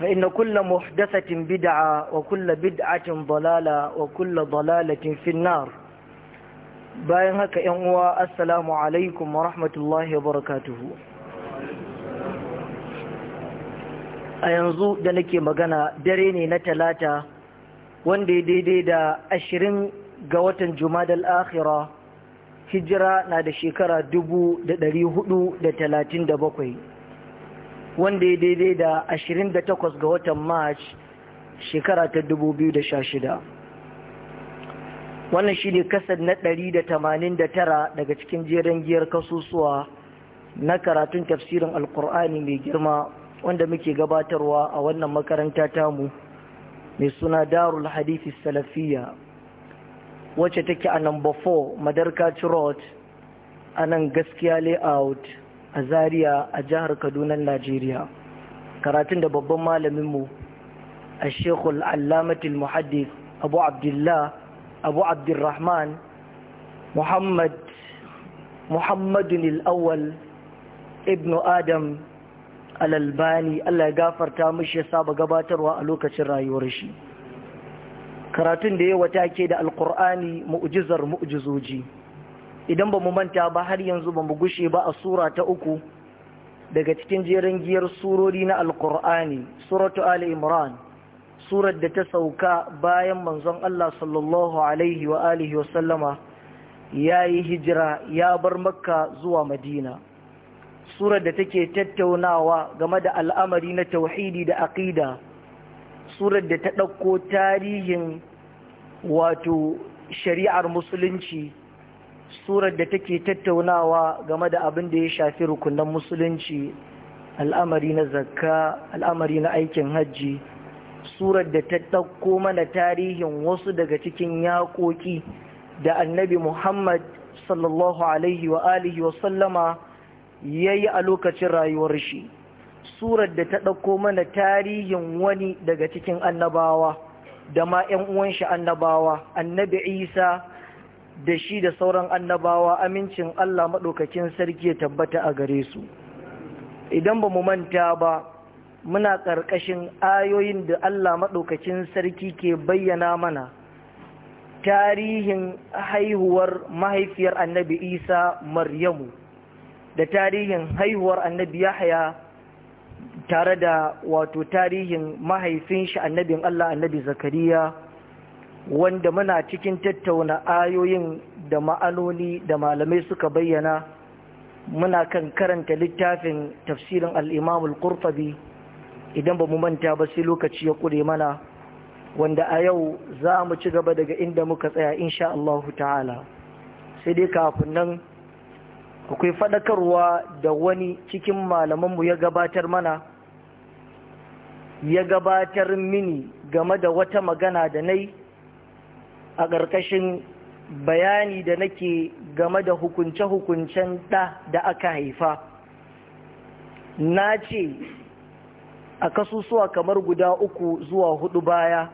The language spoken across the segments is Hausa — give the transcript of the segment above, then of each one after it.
فإن كل محدثة بدعة وكل بدعة ضلالة وكل ضلالة في النار باين هكا ينوى السلام عليكم ورحمة الله وبركاته a yanzu da nake magana dare ne na talata wanda ya daidai da ashirin ga watan jumadal akhira hijira na da shekara dubu da hudu da talatin da bakwai wanda ya daidai da 28 ga watan march shekara ta 2016 wannan shi ne kasar na 189 daga cikin jerin giyar kasusuwa na karatun tafsirin alkur'ani mai girma wanda muke gabatarwa a wannan makaranta tamu mai suna darul hadithi salafiya wacce take a number 4 madarkaci road a nan gaskiya layout a zaria a jihar kaduna najeriya karatun da babban malaminmu a shekul allamatul muhaddis abu abdullah abu abdurrahman muhammad muhammadun al'awwal ibn adam al'albani allah ya gafarta mashi ya saba gabatarwa a lokacin rayuwar shi karatun da ya wata ke da alkur'ani mu'ujizar mu'ujizoji idan ba mu manta ba har yanzu ba mu gushe ba a sura ta uku daga cikin jerin giyar surori na alkur'ani suratu ali imran surar da ta sauka bayan manzon Allah sallallahu alaihi wa alihi wa ya yi hijira ya bar makka zuwa madina surar da take tattaunawa game da al'amari na tauhidi da aqida surar da ta ɗauko tarihin wato shari'ar musulunci surar da take tattaunawa game da abin da ya shafi rukunan musulunci al'amari na zakka al'amari na aikin hajji surar da ta ɗauko mana tarihin wasu daga cikin yaƙoƙi da annabi muhammad sallallahu alaihi wa alihi wa sallama ya yi a lokacin rayuwar shi surar da ta ɗauko mana tarihin wani daga cikin annabawa da ma 'yan uwan shi annabawa annabi isa da shi da sauran annabawa amincin Allah maɗaukakin sarki ya tabbata a gare su idan ba mu manta ba muna ƙarƙashin ayoyin da Allah maɗaukakin sarki ke bayyana mana tarihin haihuwar mahaifiyar annabi isa maryamu da tarihin haihuwar annabi yahya tare da wato tarihin mahaifin shi annabin Allah annabi zakariya wanda muna cikin tattauna ayoyin da ma'anoni da malamai suka bayyana muna kan karanta littafin tafsirin al'imamul ƙurfabi idan ba mu manta ba sai lokaci ya ƙure mana wanda a yau za mu ci gaba daga inda muka tsaya insha Allahu ta'ala sai dai kafin nan akwai faɗakarwa da wani cikin malamanmu ya gabatar mana ya gabatar mini game da wata magana da nai a ƙarƙashin bayani da nake game da hukunce-hukuncen ɗa da aka haifa na ce a kasusuwa kamar guda uku zuwa hudu baya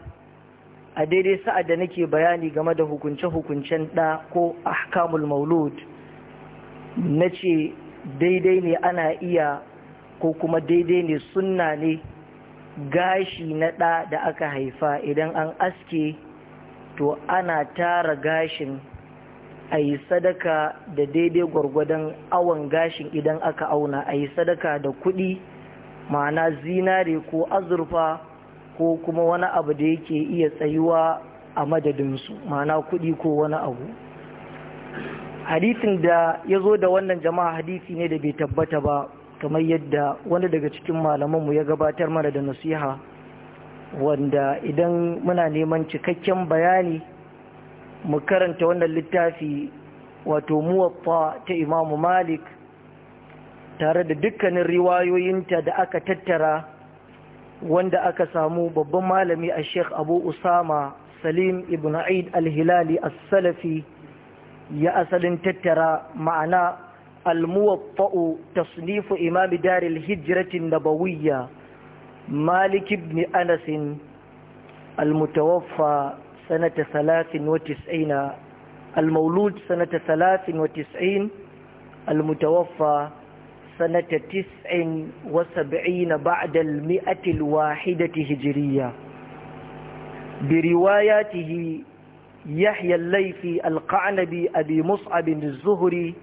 a daidai sa'ad da nake bayani game da hukunce-hukuncen ɗa ko ahkamul maulud na ce daidai ne ana iya ko kuma daidai ne sunna ne gashi na ɗa da aka haifa idan an aske to ana tara gashin a yi sadaka da daidai gwargwadon awon gashin idan aka auna a yi sadaka da kuɗi ma'ana zinare ko azurfa ko kuma wani abu da yake iya tsayuwa a madadinsu ma'ana kuɗi ko wani abu hadithin da ya zo da wannan jama'a hadithi ne da bai tabbata ba kamar yadda wani daga cikin malamanmu ya gabatar mana da nasiha wanda idan muna neman cikakken bayani mu karanta wannan littafi wato muwaffa ta imamu malik tare da dukkanin riwayoyinta da aka tattara wanda aka samu babban malami a sheikh abu usama salim ibn aid al-hilali as-salafi ya asalin tattara ma'ana al-muwaffa'u tasnifu imami daril hijratin nabawiyya مالك بن أنس المتوفى سنة ثلاث وتسعين المولود سنة ثلاث وتسعين المتوفى سنة تسع وسبعين بعد المئة الواحدة هجرية برواياته يحيى الليثي القعنبي أبي مصعب الزهري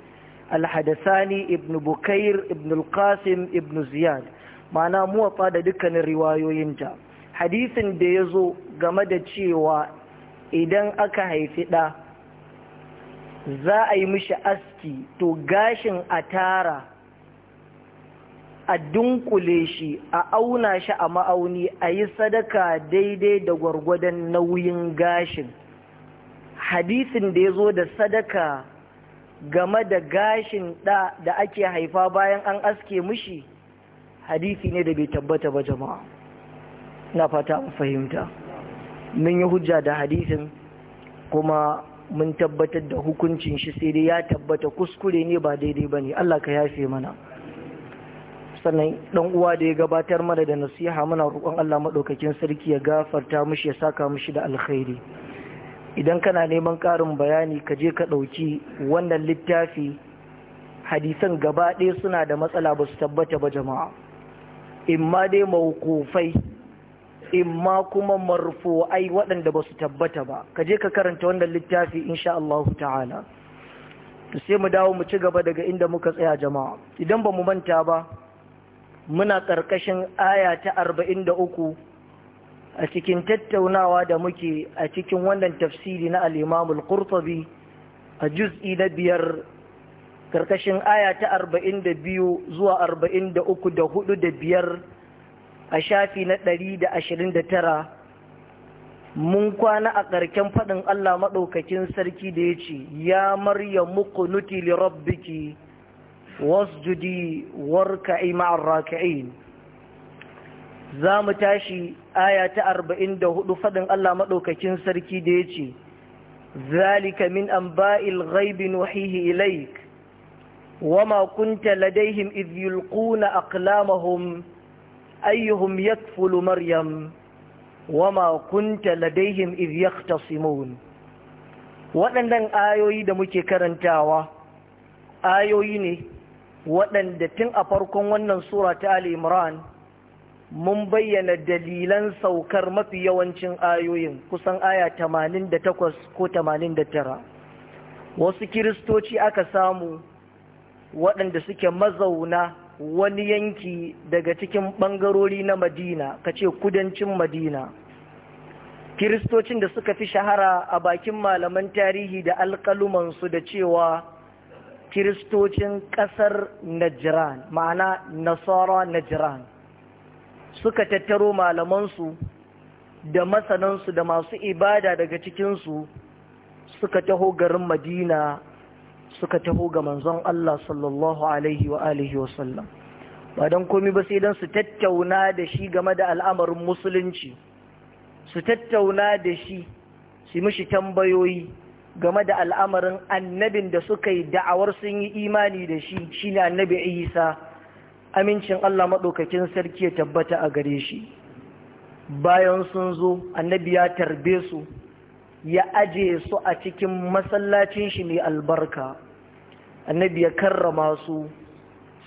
الحدثاني ابن بكير ابن القاسم ابن زياد ma'ana muwatta da dukkanin riwayoyinta hadisin da ya zo game da cewa idan aka haifi ɗa za a yi mishi aski to gashin a tara a dunkule shi a auna shi a ma'auni a yi sadaka daidai da gwargwadon nauyin gashin hadisin da ya zo da sadaka game da gashin ɗa da ake haifa bayan an aske mishi hadisi ne da bai tabbata ba jama'a na fata mu fahimta mun yi hujja da hadisin kuma mun tabbatar da hukuncin shi sai dai ya tabbata kuskure ne ba daidai ba ne Allah ka yafe mana sannan ɗan uwa da ya gabatar mana da nasiha muna roƙon Allah maɗaukakin sarki ya gafarta mishi ya saka mishi da alkhairi idan kana neman ƙarin bayani ka je ka ɗauki wannan littafi hadisan gaba ɗaya suna da matsala ba su tabbata ba jama'a imma dai mawukufai imma kuma marfu'ai waɗanda ba su tabbata ba ka je ka karanta wannan littafi insha Allah ta'ala sai mu dawo mu ci gaba daga inda muka tsaya jama'a idan ba mu manta ba muna ƙarƙashin aya ta arba'in da uku a cikin tattaunawa da muke a cikin wannan tafsiri na al-Imam al-Qurtubi a juz'i na biyar karkashin aya ta arba'in da biyu zuwa arba'in da uku da hudu da biyar a shafi na ɗari da ashirin da tara mun kwana a ƙarken faɗin Allah maɗaukakin sarki da ya ce ya marya muku nuti li wasjudi warka'i ma'ar za mu tashi aya ta arba'in da hudu faɗin Allah maɗaukakin sarki da ya ce zalika min an ba'il ghaibin wahihi ilaik وما كنت لديهم إذ يلقون أقلامهم أيهم يكفل مريم وما كنت لديهم إذ يختصمون waɗannan ayoyi da muke karantawa ayoyi ne waɗanda tun a farkon wannan sura ta Ali Imran mun bayyana dalilan saukar mafi yawancin ayoyin kusan aya 88 ko 89 wasu kiristoci aka samu waɗanda suke mazauna wani yanki daga cikin ɓangarori na madina ka ce kudancin madina kiristocin da suka fi shahara a bakin malaman tarihi da alƙalumansu da cewa kiristocin ƙasar najiran ma'ana nasara najiran suka tattaro malamansu da masanansu da masu ibada daga cikinsu suka taho garin madina suka taho ga manzon Allah sallallahu alaihi wa alihi wasallam ba don komi ba sai don su tattauna da shi game da al'amarin musulunci su tattauna da shi su mishi tambayoyi game da al'amarin annabin da suka yi da'awar sun yi imani da shi shi ne annabi isa amincin Allah maɗaukakin sarki ya tabbata a gare shi bayan sun zo annabi ya tarbe su ya aje su a cikin masallacin shi mai albarka annabi ya karrama su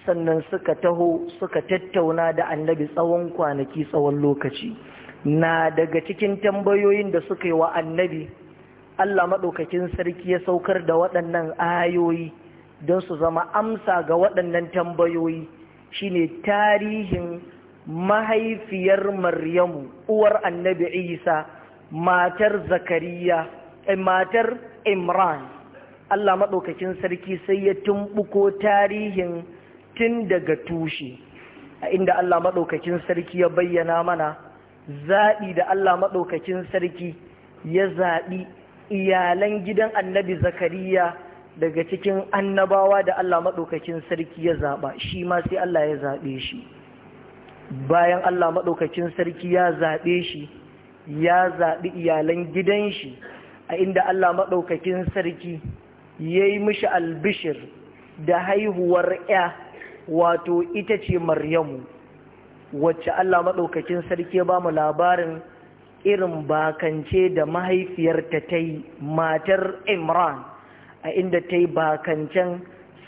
sannan suka taho suka tattauna da annabi tsawon kwanaki tsawon lokaci na daga cikin tambayoyin da suka yi wa annabi Allah maɗaukakin sarki ya saukar da waɗannan ayoyi don su zama amsa ga waɗannan tambayoyi shine tarihin mahaifiyar maryamu uwar annabi isa matar zakariya eh, matar imran Allah maɗaukakin sarki sai ya tumbuko tarihin tun daga tushe a inda Allah maɗaukakin sarki ya bayyana mana zaɓi da Allah maɗaukacin sarki ya zaɓi iyalan gidan annabi zakariya daga cikin annabawa da Allah maɗaukacin sarki ya zaɓa shi ma sai Allah ya zaɓe shi bayan Allah maɗaukakin sarki ya zaɓe shi ya zaɓi iyalan gidan shi a inda Allah maɗaukakin sarki ya yi mishi albishir da haihuwar ya wato ita ce maryamu wacce Allah maɗaukakin sarki ba mu labarin irin bakance da mahaifiyarta ta yi matar imran a inda ta yi bakancen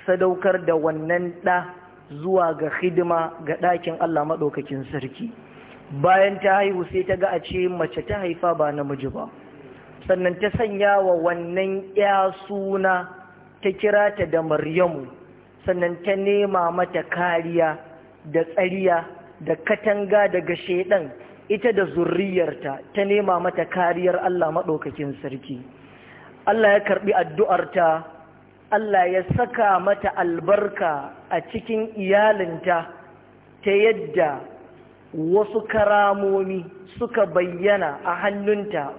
sadaukar da wannan ɗa zuwa ga hidima ga ɗakin Allah maɗaukakin sarki. bayan ta haihu sai ta ga a ce mace ta haifa ba namiji ba sannan ta sanya wa wannan ya suna ta kira ta da maryamu sannan ta nema mata kariya da tsariya da katanga daga shaidan ita da zurriyarta ta nema mata kariyar Allah maɗaukakin sarki Allah ya karɓi addu'arta Allah ya saka mata albarka a cikin iyalinta ta yadda wasu karamomi suka bayyana a hannunta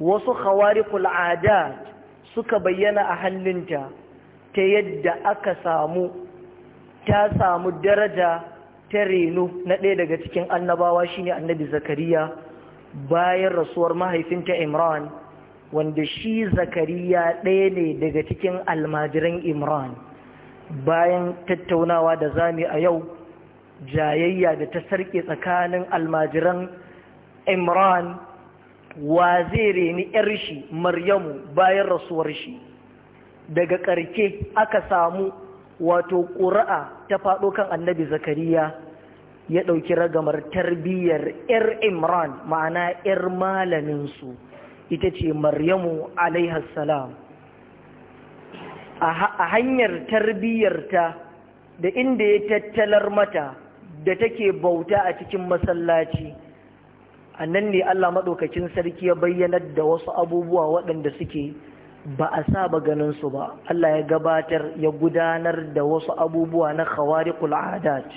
wasu khawariqul adat suka bayyana a hannunta ta yadda aka samu ta samu daraja ta reno na ɗaya daga cikin annabawa shine annabi zakariya bayan rasuwar mahaifinta imran wanda shi zakariya ɗaya ne daga cikin almajiran imran bayan tattaunawa da zami a yau jayayya da ta sarƙe tsakanin almajiran imran wa zai reni yar shi maryamu bayan rasuwar shi daga karke aka samu wato ƙura'a ta faɗo kan annabi zakariya ya ɗauki ragamar tarbiyyar yar imran ma'ana yar malaminsu ita ce maryamu alaihassalam a hanyar tarbiyyarta da inda ya tattalar mata da take bauta a cikin masallaci a nan ne Allah maɗaukakin sarki ya bayyanar da wasu abubuwa waɗanda suke ba a saba ganin su ba Allah ya gabatar ya gudanar da wasu abubuwa na khawariqul adat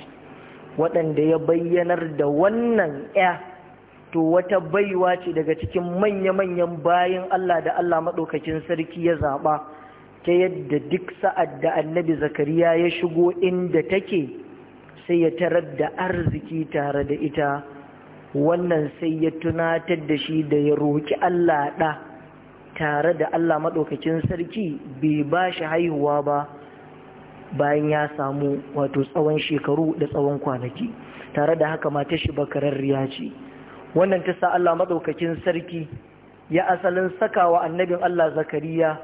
waɗanda ya bayyanar da wannan ya to wata baiwa ce daga cikin manya-manyan bayan Allah da Allah maɗaukakin sarki ya zaɓa ta yadda duk sa'ad da annabi zakariya ya shigo inda take sai ya tarar da arziki tare da ita wannan sai ya tunatar da shi da ya roƙi Allah ɗa tare da Allah maɗaukakin sarki bai ba shi haihuwa ba bayan ya samu wato tsawon shekaru da tsawon kwanaki tare da haka mata shi bakararriya ce wannan ta sa Allah maɗaukakin sarki ya asalin sakawa annabin Allah zakariya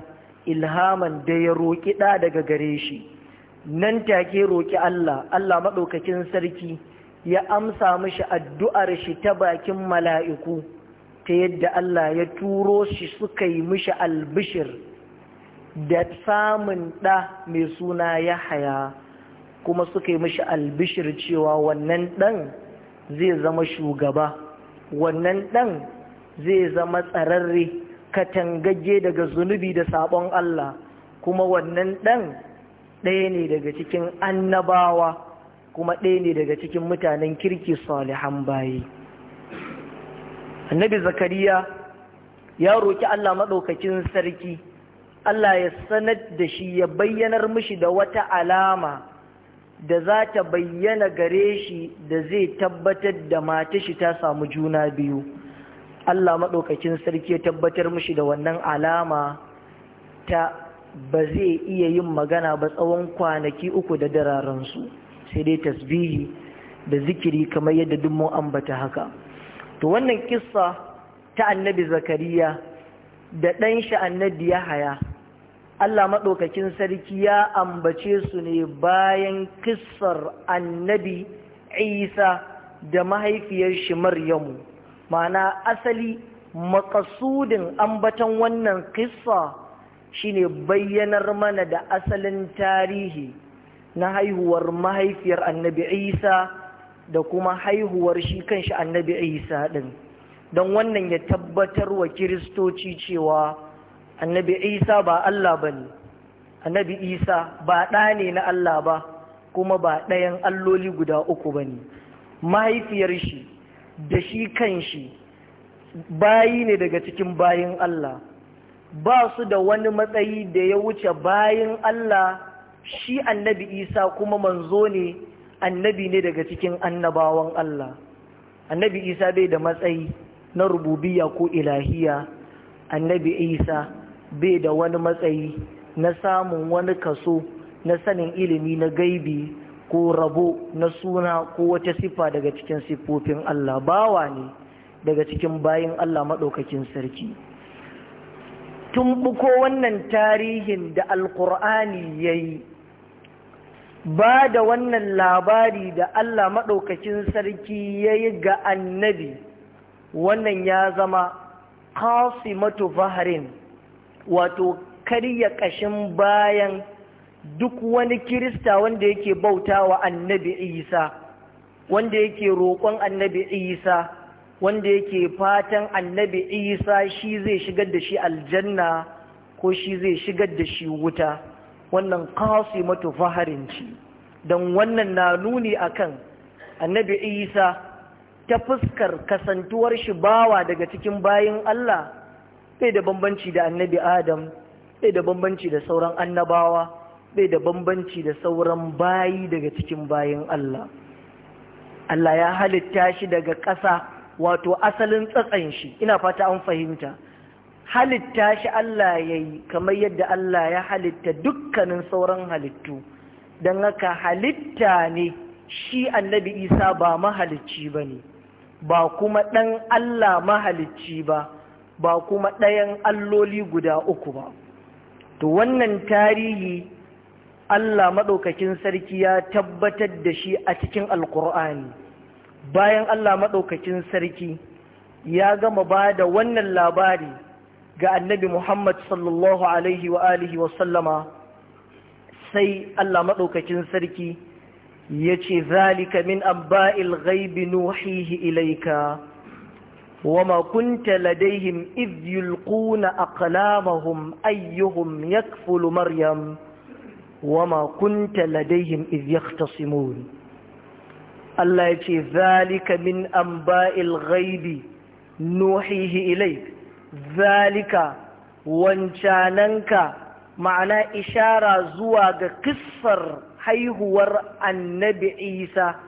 ilhaman da ya roƙi ɗa daga gare shi nan take roƙi Allah Allah maɗaukakin sarki ya amsa mishi addu'ar shi ta bakin mala'iku ta yadda Allah ya turo shi suka yi mishi albishir da samun ɗa mai suna ya haya kuma suka yi mishi albishir cewa wannan ɗan zai zama shugaba wannan ɗan zai zama tsararre katangagge daga zunubi da sabon Allah kuma wannan ɗan ɗaya ne daga cikin annabawa kuma ɗaya ne daga cikin mutanen kirki salihan bayi annabi zakariya ya roƙi allah maɗaukakin sarki allah ya sanar da shi ya bayyanar mishi da wata alama da za ta bayyana gare shi da zai tabbatar da shi ta samu juna biyu Allah maɗaukacin sarki ya tabbatar mishi da wannan alama ta ba zai iya yin magana ba tsawon kwanaki uku da dararansu sai dai tasbihi da zikiri kamar yadda duk ambata haka to wannan kissa ta annabi zakariya da ɗan shi annabi yahaya Allah maɗaukakin sarki ya ambace su ne bayan kissar annabi isa da mahaifiyar shi maryamu ma'ana asali makasudin ambatan wannan kissa shine bayyanar mana da asalin tarihi na haihuwar mahaifiyar annabi isa da kuma haihuwar shi kanshi annabi isa din don wannan ya tabbatar wa kiristoci cewa annabi isa ba allah ba ne annabi isa ba ɗa ne na allah ba kuma ba ɗayan alloli guda uku ba ne mahaifiyar shi da shi kanshi bayi ne daga cikin bayin allah ba su da wani matsayi da ya wuce bayan Allah shi annabi Isa kuma manzo ne annabi ne daga cikin annabawan Allah annabi Isa bai da matsayi na rububiya ko ilahiya annabi Isa bai da wani matsayi na samun wani kaso na sanin ilimi na gaibi ko rabo na suna ko wata siffa daga cikin siffofin Allah bawa ne daga cikin bayan Allah maɗaukakin sarki. tumbuko wannan tarihin da alkur'ani ya yi ba da wannan labari da Allah maɗaukacin sarki ya yi ga annabi wannan ya zama kasimatu faharin wato karya ƙashin bayan duk wani kirista wanda yake bauta wa annabi isa wanda yake roƙon annabi isa wanda yake fatan annabi isa shi zai shigar da shi aljanna ko shi zai shigar da shi wuta wannan kasi mato faharinci ci don wannan na nuni akan annabi isa ta fuskar kasantuwar shi bawa daga cikin bayan allah bai da bambanci da annabi adam bai da bambanci da sauran annabawa bai da bambanci da sauran bayi daga cikin bayan allah allah ya halitta shi daga ƙasa wato asalin tsatsan shi ina fata an fahimta halitta shi Allah ya yi kamar yadda Allah ya halitta dukkanin sauran halittu don haka halitta ne shi annabi isa ba mahalicci ba ne ba kuma ɗan Allah mahalicci ba ba kuma ɗayan alloli guda uku ba to wannan tarihi Allah maɗaukakin sarki ya tabbatar da shi a cikin alkur'ani bayan Allah maɗaukakin sarki ya gama ba da wannan labari ga annabi Muhammad sallallahu Alaihi wa alihi sai Allah maɗaukakin sarki ya ce zalika min amba'il ghaibi nuhihi ilaika wama kunta ladaihim idh yulquna aqlamahum ayyuhum yakfulu maryam wama kunta ladaihim idh yahtasimun Allah ya ce zalika min an amba'il ghaibi nuhihi ilai zalika wancananka ma'ana ishara zuwa ga kissar haihuwar annabi isa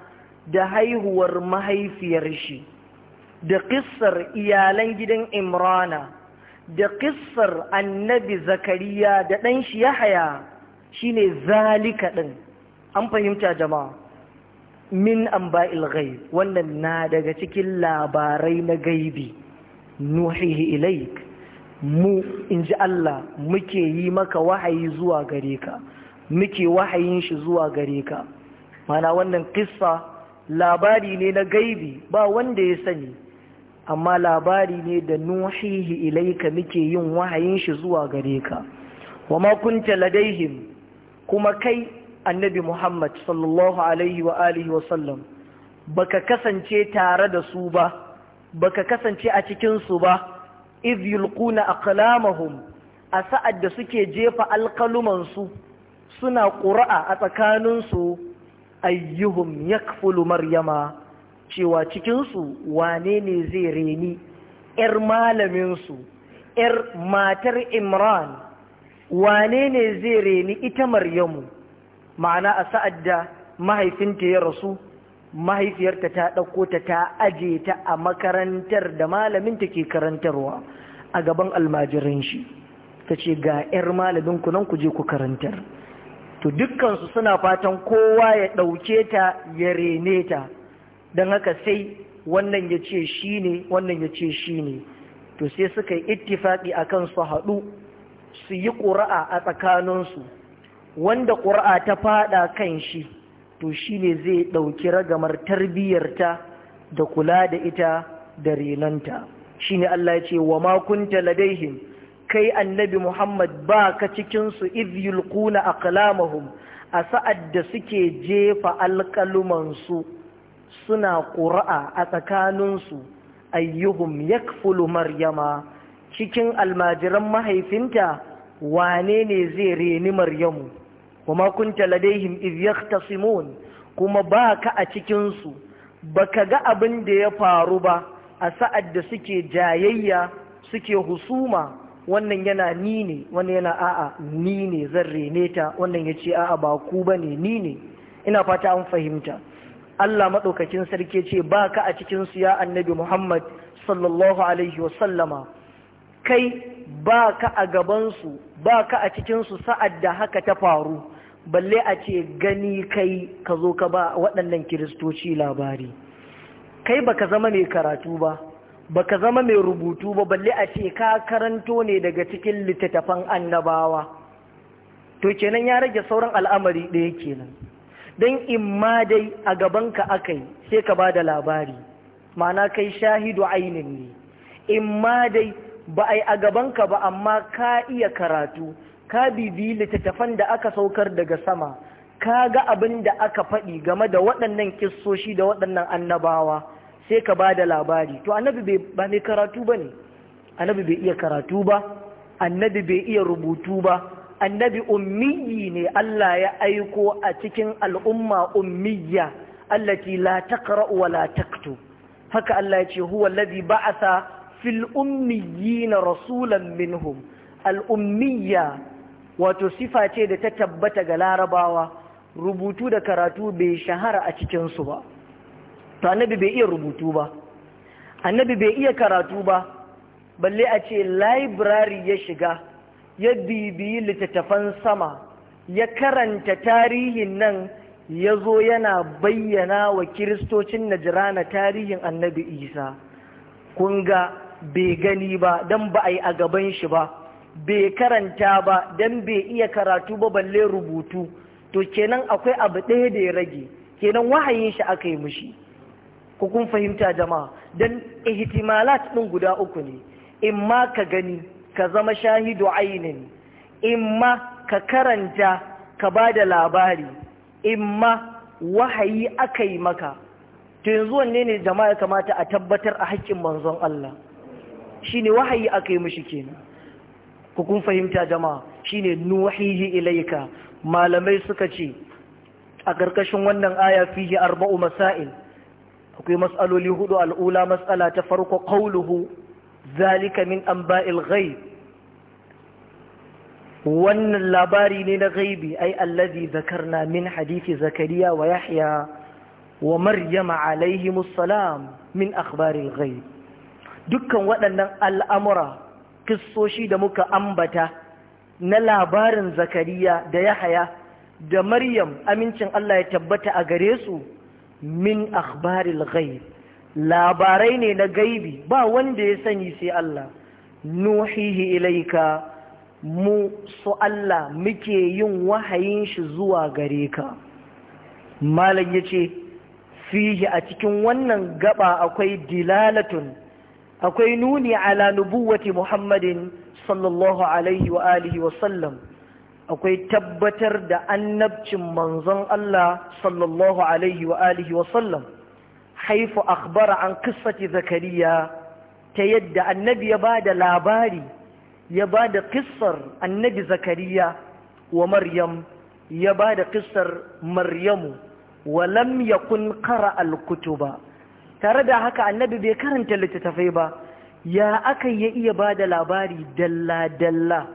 da haihuwar mahaifiyar shi da kissar iyalan gidan imrana da kissar annabi zakariya da ɗan shi ya yahaya shine zalika ɗin an fahimta jama'a min amba'il ghaib wannan na daga cikin labarai na gaibi nuhihi ilaik mu inji Allah muke yi maka wahayi zuwa gare ka muke wahayin shi zuwa gare ka mana wannan kissa labari ne na gaibi ba wanda ya sani amma labari ne da nuhihi ilaika muke yin wahayin shi zuwa gare ka wa ma kunta ladaihim kuma kai annabi Muhammad sallallahu alaihi wa alihi wa sallam baka kasance tare da su ba baka kasance a cikin su ba iz yulquna aqlamahum a sa'ad da suke jefa alkaluman su suna ƙura'a a tsakaninsu su ayyuhum yakfulu maryama cewa cikinsu su wane ne zai reni ‘yar malaminsu? su ‘yar matar imran wane ne zai reni ita maryamu’ ma'ana a sa'ad da mahaifinta ya rasu mahaifiyarta ta ɗauko ta ta aje ta a makarantar da malaminta ke karantarwa a gaban almajirin shi ta ce ga 'yar malamin ku nan ku je ku karantar to dukkansu suna fatan kowa ya ɗauke ta ya rene ta don haka sai wannan ya ce shi ne wannan ya ce shi ne to sai suka yi ittifaƙi a kan su haɗu su yi ƙura'a a tsakaninsu wanda ƙura'a ta fada kan shi to shi ne zai ɗauki ragamar tarbiyyarta da kula da ita da renonta. shi ne Allah ce wa makunta ladaihim kai annabi Muhammad ba ka cikinsu iz yulquna aqlamahum a sa'ad da suke jefa alƙalumansu suna ƙura'a a tsakaninsu ayyuhum yakfulu maryama cikin almajiran mahaifinta wane ne zai reni maryamu kuma kunta ladaihim iz Simon, kuma baka a cikin su baka ga abin da ya faru ba a sa'ad da suke jayayya suke husuma wannan yana ni ne wannan yana a'a ni ne zan rene ta wannan yace a'a ba ku bane ni ne ina fata an fahimta Allah madaukakin sarki ce baka a cikin ya annabi Muhammad sallallahu alaihi wasallama kai baka a gabansu su baka a cikinsu sa'ad da haka ta faru balle a ce gani kai ka zo ka ba waɗannan kiristoci labari kai ba ka zama mai karatu ba Ba ka zama mai rubutu ba balle a ce ka karanto ne daga cikin littattafan annabawa to kenan ya rage sauran al'amari ɗaya kenan don imma dai a gabanka aka yi sai ka ba da labari ma'ana kai shahidu ainin ne imma dai ba a yi a gabanka ba amma ka iya karatu ka bibi littattafan da aka saukar daga sama ka ga abin da aka faɗi game da waɗannan kissoshi da waɗannan annabawa sai ka ba da labari to annabi ba mai karatu ba ne annabi bai iya karatu ba annabi bai iya rubutu ba annabi ummiyi ne Allah ya aiko a cikin al'umma ummiya allati la takara wa la taktub haka Allah ya ce huwa alladhi ba'atha fil ummiyina rasulan minhum al ummiya wato sifa ce da ta tabbata ga larabawa rubutu da karatu bai shahara a cikinsu ba to annabi bai iya rubutu ba annabi bai iya karatu ba balle a ce library ya shiga ya bibiyi littattafan sama ya karanta tarihin nan ya zo yana bayyana wa kiristocin na najirana tarihin annabi isa kunga bai gani ba don ba a yi a gaban shi ba bai karanta ba dan bai iya karatu ba balle rubutu to kenan akwai abu ɗaya da ya rage kenan wahayin shi aka yi mushi ku kun fahimta jama'a dan ihtimalat ɗin guda uku ne in ma ka gani ka zama shahidu ainin ma ka karanta ka ba da labari ma wahayi aka yi maka to yanzu wanne ne jama'a kamata a tabbatar a haƙƙin manzon Allah shine wahayi aka yi mushi kenan ku kun fahimta jama'a shine nuhihi ilaika malamai suka ce a ƙarƙashin wannan aya fihi arba'u masail akwai mas'aloli hudu al'ula mas'ala ta farko qauluhu zalika min anba'il ghaib wannan labari ne na ghaibi ai allazi zakarna min hadisi zakariya wa yahya wa maryama alaihimus salam min akhbaril ghaib dukkan waɗannan al'amura kissoshi da muka ambata na labarin zakariya da yahaya da maryam amincin Allah ya tabbata a gare su min akhbaril ghaib labarai ne na gaibi ba wanda ya sani sai Allah nuhihi ilaika mu su Allah muke yin wahayin shi zuwa gare ka malam yace fihi a cikin wannan gaba akwai dilalatun akwai nuni ala nubuwati muhammadin sallallahu alaihi wa alihi wa akwai tabbatar da annabcin manzon Allah sallallahu alaihi wa alihi wa haifu akhbara an qissati zakariya ta yadda annabi ya bada labari ya bada kisar annabi zakariya wa maryam ya da qissar maryamu wa lam yakun al'kutuba. al-kutuba tare da haka annabi bai karanta littattafai ba ya aka ya iya ba da labari dalla-dalla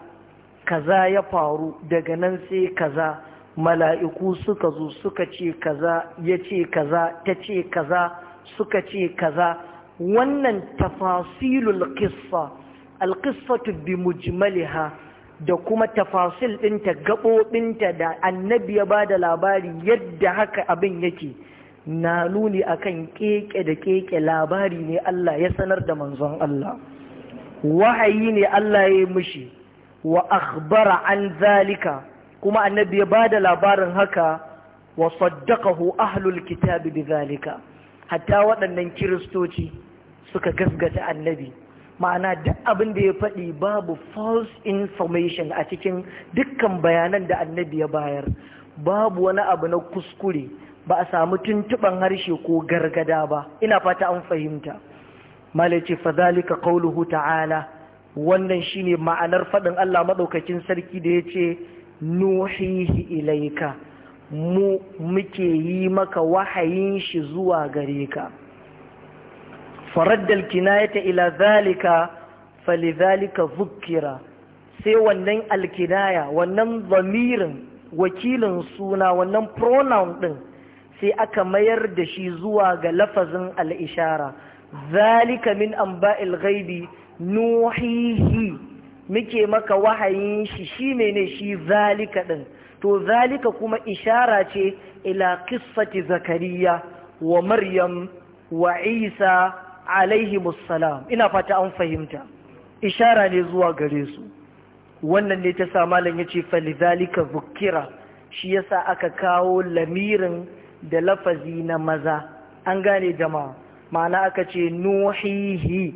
kaza ya faru daga nan sai kaza mala'iku suka zo suka ce kaza ya ce kaza ta ce kaza suka ce kaza wannan tafasilul kisfa alkissatu bi mujmaliha da kuma tafasil ɗinta gaɓoɓinta da annabi ya ba da labari yadda haka abin yake na nuni akan keke da keke labari ne Allah ya sanar da manzon Allah wahayi ne Allah ya yi mushi wa akhbara an zalika kuma annabi ya bada labarin haka wa saddaqahu ahlul kitabi bi zalika hatta waɗannan kiristoci suka gasgata annabi ma'ana duk abin da ya faɗi babu false information a cikin dukkan bayanan da annabi ya bayar babu wani abu na kuskure ba a samu tuntuban harshe ko gargada ba ina fata an fahimta malaci fadhalika qauluhu ta'ala wannan shine ma'anar fadin Allah madaukakin sarki da yace nuhihi ilaika mu muke yi maka wahayin shi zuwa gare ka faraddal alkinayata ila zalika falidhalika zukira sai wannan alkinaya wannan zamirin wakilin suna wannan pronoun din sai aka mayar da shi zuwa ga lafazin al'ishara zalika min an amba'il ghaibi nuhihi muke maka wahayin shi shi ne shi zalika ɗin to zalika kuma ishara ce ila kissati zakariya wa maryam wa isa alaihi musallam ina fata an fahimta ishara ne zuwa gare su wannan ne ta sa malam ya ce falizalika bukira shi yasa aka kawo lamirin da lafazi na maza an gane jama'a ma'ana aka ce nuhihi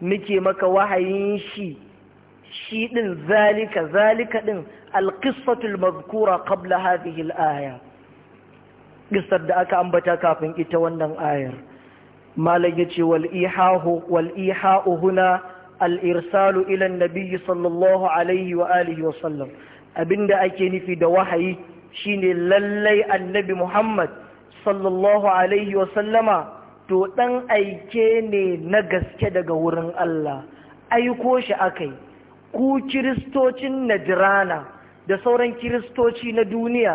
muke maka wahayin shi shi din zalika zalika din alqisatul mazkura qabla hadhihi aya qissar da aka ambata kafin ita wannan ayar malam yace wal ihahu wal iha'u huna al irsalu ila an-nabiy sallallahu alaihi wa alihi wa sallam abinda ake nufi da wahayi shine lallai annabi Muhammad sallallahu alaihi wasallama to ɗan aike ne na gaske daga wurin Allah aiko shi akai ku kiristocin najirana da sauran kiristoci na duniya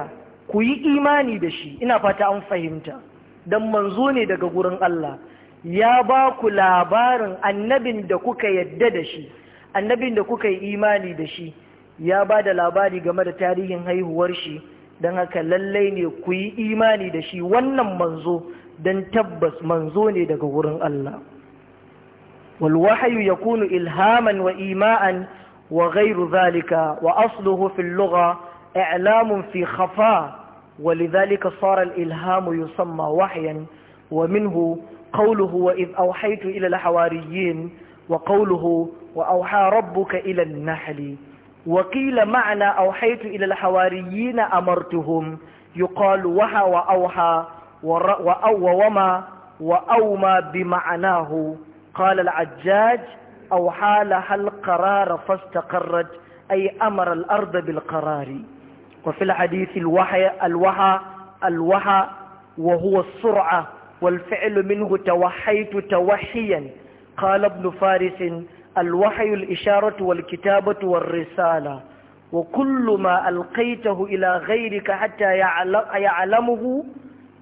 ku yi imani da shi ina fata an fahimta don manzo ne daga wurin Allah ya ba ku labarin annabin da kuka yadda da shi annabin da kuka yi imani da shi ya ba da labari game da tarihin haihuwar shi don haka lallai ne ku yi imani da shi wannan manzo don tabbas manzo ne daga wurin Allah. Walwahayu ya kunu ilhaman wa ima’an wa gairu zalika wa asluhu fi luga a’alamun fi khafa wa li zalika tsoron ilhamu yusamma wahayan wa minhu kauluhu wa iz auhaitu ila lahawariyin wa kauluhu wa auha rabbuka ila nahali. وقيل معنى أوحيت إلى الحواريين أمرتهم يقال وها وأوحى وأو وما وأوما بمعناه قال العجاج أوحى لها القرار فاستقرت أي أمر الأرض بالقرار وفي الحديث الوحي الوحى الوحى وهو السرعة والفعل منه توحيت توحيا قال ابن فارس الوحي الإشارة والكتابة والرسالة وكل ما ألقيته إلى غيرك حتى يعلمه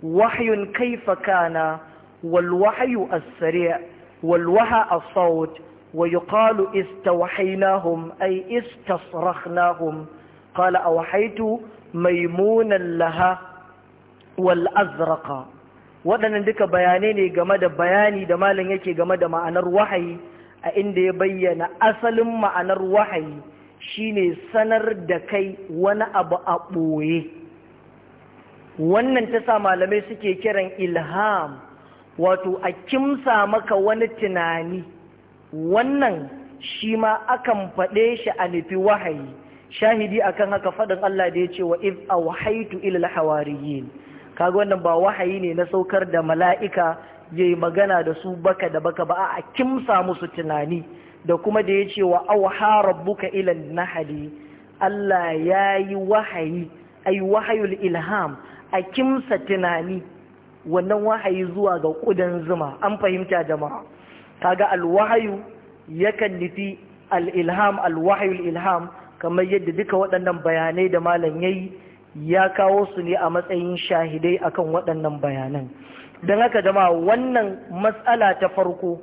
وحي كيف كان والوحي السريع والوحى الصوت ويقال استوحيناهم أي استصرخناهم قال أوحيت ميمونا لها والأزرق waɗannan duka بيانيني ne بياني da bayani da malin الوحي a inda ya bayyana asalin ma'anar wahayi shine sanar da kai wani abu a ɓoye wannan ta sa malamai suke kiran ilham wato a kimsa maka wani tunani wannan shi ma akan faɗe shi a nufi wahayi shahidi akan haka faɗin Allah da ya ce wa if a wahaitu al-hawariyin kaga wannan ba wahayi ne na saukar da mala'ika ya yi magana da su baka da baka ba a kimsa musu tunani da kuma da ya ce wa auha buka ilan nahali Allah ya yi wahayi a yi wahayul ilham a kimsa tunani wannan wahayi zuwa ga ƙudan zuma an fahimta jama'a kaga alwahayu yakan nufi al'ilham alwahayul ilham kamar yadda duka waɗannan bayanai da malam yayi ya kawo su ne a matsayin shahidai akan waɗannan bayanan don haka jama'a wannan matsala ta farko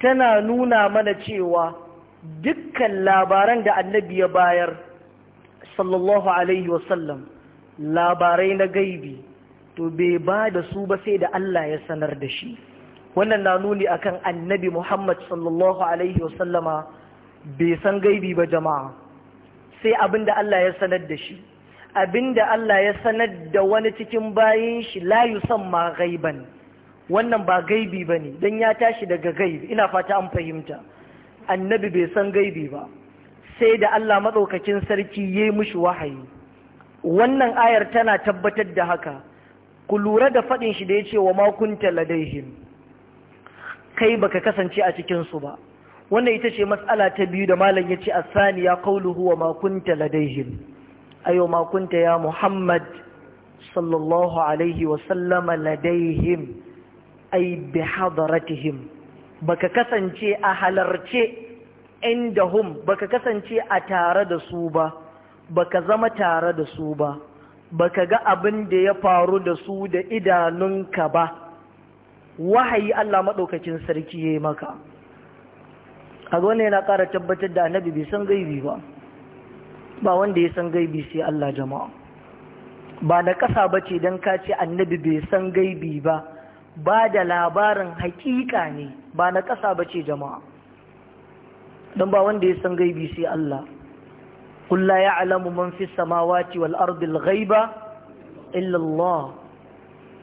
tana nuna mana cewa dukkan labaran da annabi ya bayar sallallahu alaihi wasallam labarai na gaibi to bai ba da su ba sai da Allah ya sanar da shi wannan na nuni akan annabi Muhammad sallallahu alaihi wasallama bai san gaibi ba jama'a sai abinda Allah ya sanar da shi abinda Allah ya sanar da wani cikin bayin shi la ma gaiban wannan ba gaibi bane don ya tashi daga gaibi ina fata an fahimta annabi bai san gaibi ba sai da Allah matsaukakin sarki ya yi mushi wahayi wannan ayar tana tabbatar da haka ku lura da faɗin shi da ya ce wa makunta ladaihim kai baka kasance a cikin su ba wannan ita ce mas'ala ta biyu da malam ya yace asaniya qawluhu wa makunta ladaihim ayo makunta ya muhammad sallallahu alaihi wa sallama ladaihim ay bi hadratihim baka kasance a halarce indahum baka kasance a tare da su ba baka zama tare da su ba baka ga abin da ya faru da su da idanunka ba wahayi Allah madaukakin sarki yayi maka kaga wannan yana ƙara tabbatar da annabi bai san gaibi ba ba wanda ya san gaibi sai Allah jama'a ba da ƙasa ba ce don ka annabi bai san gaibi ba ba da labarin hakika ne ba na ƙasa ba ce jama'a don ba wanda ya san gaibi sai Allah kulla ya alamu man fi samawati wal ardil ghaiba illallah.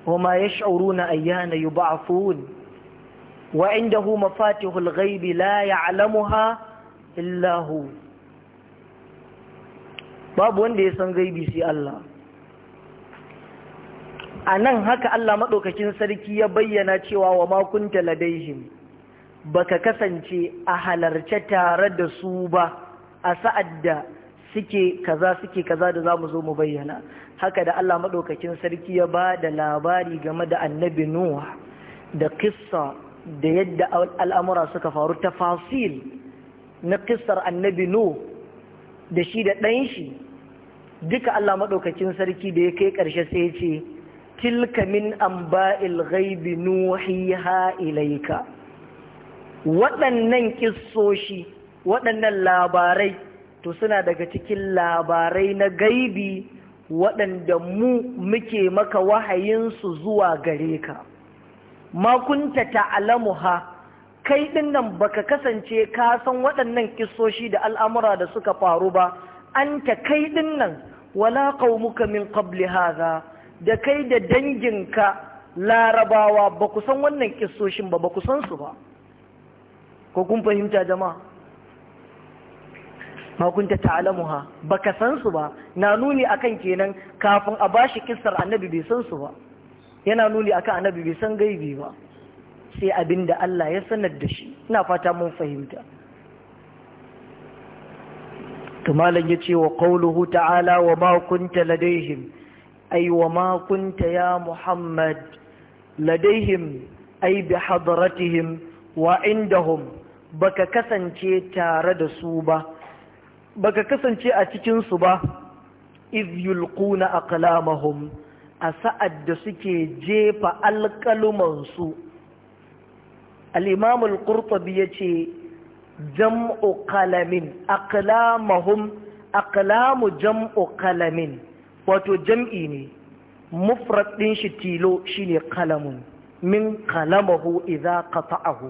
wa ma ya yash'uruna ayyana yub'athun wa inda indahu mafatihul ghaibi la ya ya'lamuha ha, hu babu wanda ya san gaibi sai Allah a nan haka Allah maɗaukakin sarki ya bayyana cewa wa kunta ladaihim baka kasance a halarce tare da su ba a sa'adda suke kaza suke kaza da za mu zo mu bayyana haka da Allah maɗaukakin sarki ya ba da labari game da annabi Nuh da kissa da yadda al'amura suka faru tafasil na kissar annabi Nuh da shi da ɗan shi duka Allah maɗaukacin sarki da ya kai ƙarshe sai ce tilka min amba'il ghaibi nuhiha ilaika waɗannan ƙissoshi waɗannan labarai to suna daga cikin labarai na gaibi waɗanda mu muke maka wahayinsu zuwa gare ka makunta ha. kai din nan baka kasance ka san waɗannan kissoshi da al'amura da suka faru ba anta kai din nan wala qaumuka min ƙabli haza. da kai da danginka larabawa ba ku san wannan kissoshin ba ba ku san su ba ko kun fahimta jama'a ta'alamu ha, ba ka san su ba na nuni a kan kenan kafin a bashi kissar annabi bai san su ba yana nuni a kan annabi bai san gaibi ba sai abin da Allah ya sanar da shi na fata mun fahimta tumalan ya ce wa ƙauluhu ta'ala wa makunta ladaihim ai wa makunta ya muhammad ladaihim ai bi hadaratihim wa indahum baka kasance tare da su ba baka kasance a cikinsu ba iz yulquna aqlamahum a sa'ad da suke jefa alƙalumansu al-imam al-qurtubi yace jam'u qalamin aqlamuhum aqlamu jam'u qalamin wato jam'i ne mufrad din shi tilo shine qalamun min qalamahu idza qata'ahu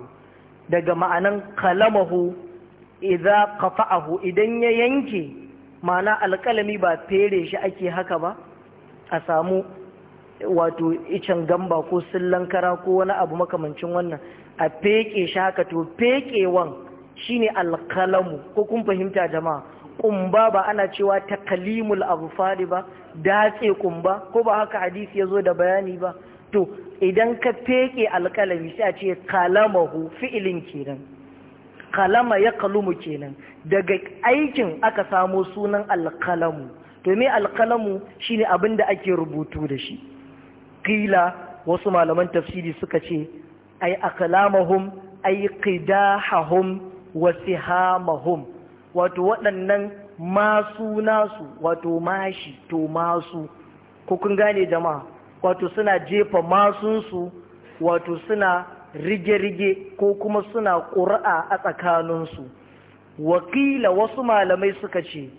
daga ma'anan qalamahu idza qata'ahu idan ya yanke ma'ana al'kalami ba fere shi ake haka ba a samu wato icen gamba ko sillan kara ko wani abu makamancin wannan a feƙe shakato to feƙewan shine alkalamu ko kun fahimta jama'a kumba ba ana cewa takalimul abfari ba datse kumba ko ba haka hadisi ya zo da bayani ba to idan ka feƙe alkalami sai a ce kalamahu fi'ilin kenan kalama ya kalumu kenan daga aikin aka samo sunan alkalamu to me alkalamu shine abin da ake rubutu da shi kila wasu malaman tafsiri suka ce ay aqlamahum ay qidahahum wa sihamahum wato waɗannan masu nasu wato mashi to masu ko kun gane jama'a wato suna jefa masunsu wato suna rige-rige ko kuma suna ƙuri'a a tsakaninsu wakila wasu malamai suka ce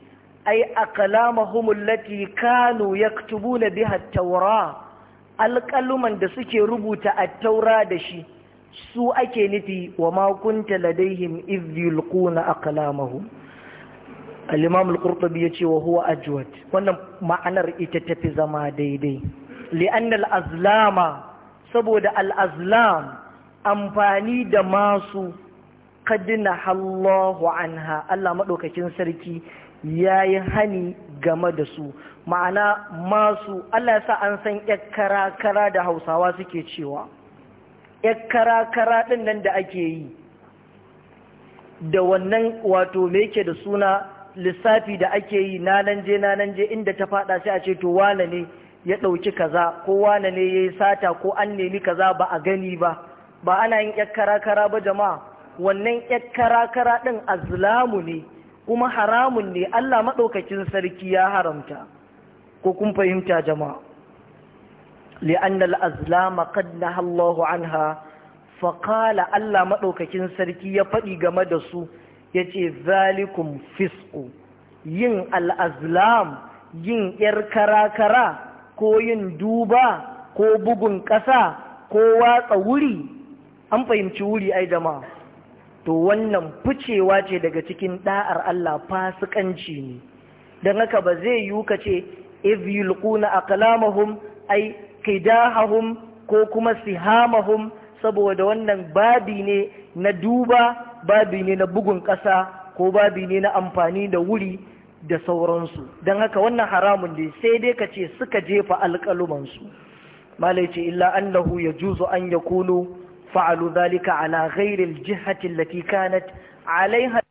ai aqlamahum allati kanu yaktubuna biha at-taura alƙaluman da suke rubuta a taura da shi su ake nufi wa makunta ladaihim izyulquna a al-imam al-qurtubi yace wa huwa ajwad wannan ma'anar ita tafi zama daidai li'anna azlama saboda al-azlam amfani da masu kadina Allahu anha Allah madaukakin sarki yayi hani game da su ma'ana masu Allah ya sa an san kara-kara da hausawa suke cewa kara-kara ɗin nan da ake yi da wannan wato me yake da suna lissafi da ake yi na nan je na nan je inda ta fada sai a ce to wane ne ya ɗauki kaza ko wane ne ya sata ko an nemi kaza ba a gani ba ba ana yin kara-kara ba jama'a wannan kara-kara ɗin azlamu ne kuma haramun ne Allah maɗaukakin sarki ya haramta. ko kun fahimta jama'a li'anna al-azlama qad nahallahu anha fa Allah madaukakin sarki ya faɗi game da su yace zalikum fisqu yin al'azlam, yin yar karakara ko yin duba ko bugun ƙasa ko watsa wuri an fahimci wuri ai jama'a to wannan ficewa ce daga cikin da'ar Allah fasikanci ne don haka ba zai yiwu ka ce idh yulquna aqlamahum ay qidahahum ko kuma sihamahum saboda wannan babi ne na duba babi ne na bugun ƙasa ko babi ne na amfani da wuri da sauransu don haka wannan haramun ne sai dai ka ce suka jefa alƙalumansu malai ce illa annahu ya juzo an ya fa'alu zalika ala ghairil jihatin allati alaiha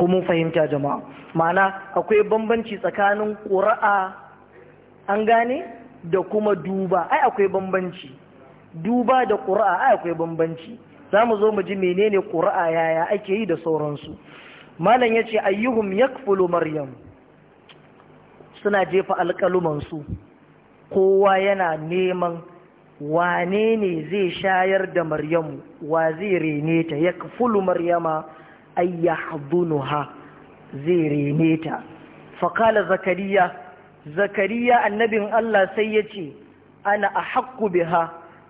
ko mun fahimta jama'a ma'ana akwai bambanci tsakanin ƙura'a an gane da kuma duba ai akwai bambanci duba da ƙura'a ai akwai bambanci za mu zo mu ji menene ƙura'a yaya ake yi da sauransu malam ya ce ayyuhum yakfulu maryam suna jefa alƙalumansu kowa yana neman wane ne zai shayar da maryamu wa zai rene ta yakfulu maryama ay ha! zai reme ta faqala zakariya zakariya annabin Allah sai yace ana a ahaqqu biha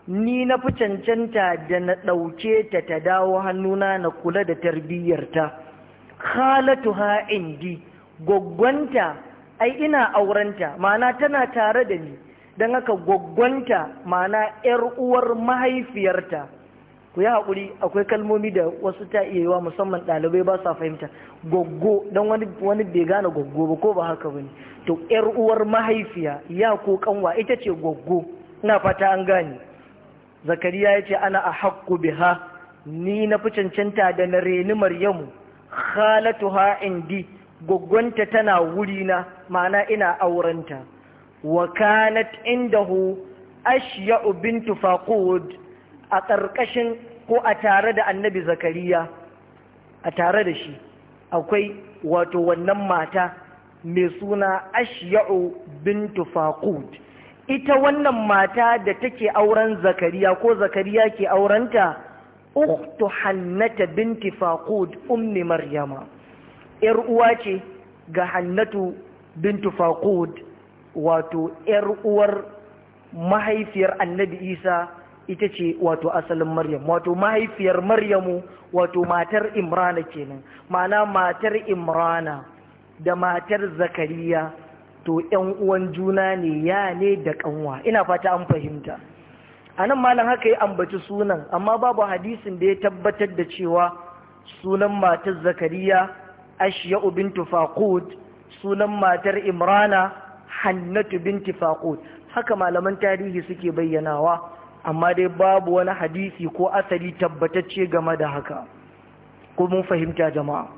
ni na fi cancanta da na ɗauke ta ta dawo hannuna na kula da tarbiyyarta khalatuha indi gwaggwanta ai ina aurenta ma'ana tana tare da ni Dan haka gwaggwanta ma'ana 'yar uwar mahaifiyarta ku yi haƙuri akwai kalmomi da wasu ta iya yiwa musamman ɗalibai ba sa fahimta goggo don wani bai gane goggo ba ko ba haka ba ne to ƴar uwar mahaifiya ya ko kanwa ita ce goggo ina fata an gane zakariya ya ce ana a bi biha ni na fi cancanta da na reni maryamu ha indi goggonta tana wuri na ma'ana ina aurenta wa kanat indahu ashya'u bintu faqud a ƙarƙashin ko a tare da annabi zakariya a tare da shi akwai wato wannan mata mai suna ashya'u bintu faqud ita wannan mata da take auren zakariya ko zakariya ke aurenta uktu hannata binti faqud ummi maryama yar uwa ce ga hannatu bintu faqud wato yar uwar mahaifiyar annabi isa ita ce wato asalin maryam wato mahaifiyar maryamu wato matar imrana kenan ma'ana matar imrana da matar zakariya to ‘yan uwan juna ne ya ne da kanwa ina fata an fahimta a nan malam haka ya ambaci sunan amma babu hadisin da ya tabbatar da cewa sunan matar zakariya ashiya bintu faqud sunan matar imrana hannatu binti faqud haka malaman tarihi suke bayyanawa amma dai babu wani hadisi ko asali tabbatacce game da haka ko mun fahimta jama'a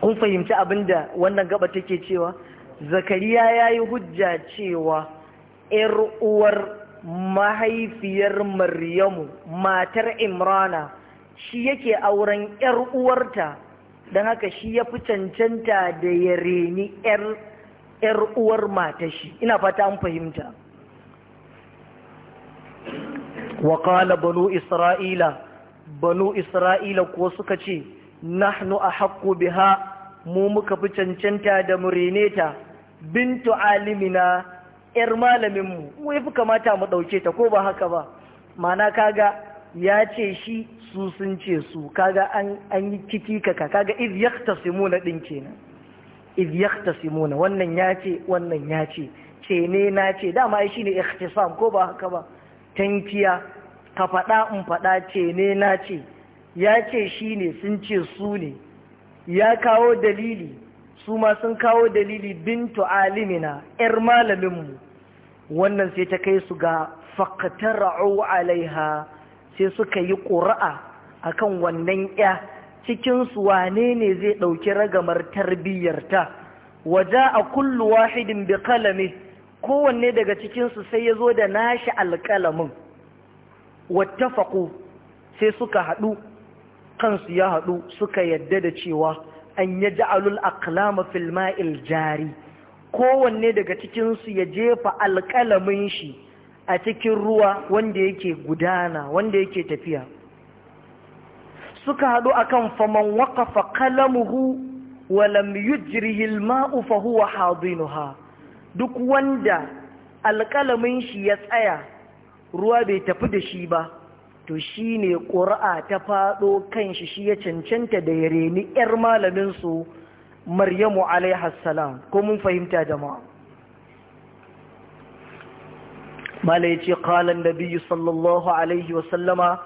kun fahimci abin da wannan gaba take cewa zakariya ya yi hujja cewa ‘yar uwar mahaifiyar maryamu matar imrana shi yake auren ‘yar uwarta don haka shi ya fi cancanta da ya reni ‘yar uwar matashi ina fata an fahimta wa qala banu isra'ila banu isra'ila ko suka ce nahnu ahqqu biha mu muka fi cancanta da mureneta bintu alimina yar malamin mu yafi kamata mu dauke ta ko ba haka ba mana kaga ya ce shi su sun ce su kaga an yi ciki kaka kaga iz yaqtasimuna din kenan iz yaqtasimuna wannan ya ce wannan ya ce ce ne na ce dama shi ne ikhtisam ko ba haka ba tankiya ka faɗa in faɗa ce ne na ce ya ce shi ne sun ce su ne ya kawo dalili su ma sun kawo dalili bintu alimina ‘yar malaminmu wannan sai ta kai su ga fakatara'u alaiha sai suka yi ƙura'a a kan wannan ‘ya cikinsu wane ne zai ɗauki ragamar tarbiyyarta waje a kullu wahidin bi kalame kowanne daga cikinsu sai ya zo da nashi alƙalamin wattafaku sai suka haɗu kansu ya haɗu suka yadda da cewa an yi ja'alul aqlama fil jari kowanne daga cikinsu ya jefa alƙalamin shi a cikin ruwa wanda yake gudana wanda yake tafiya suka haɗu a kan faman waƙafa kalamuhu wa yujirihil ma'ufa huwa haɗinu ha, duk wanda alƙalamin shi ya tsaya ruwa bai tafi da shi ba to shi ne ƙura'a ta faɗo kan shi shi ya cancanta da ya reni 'yar malaminsu maryamu alaihassalam ko mun fahimta jama'a mala ya ce ƙalan da biyu sallallahu alaihi wasallama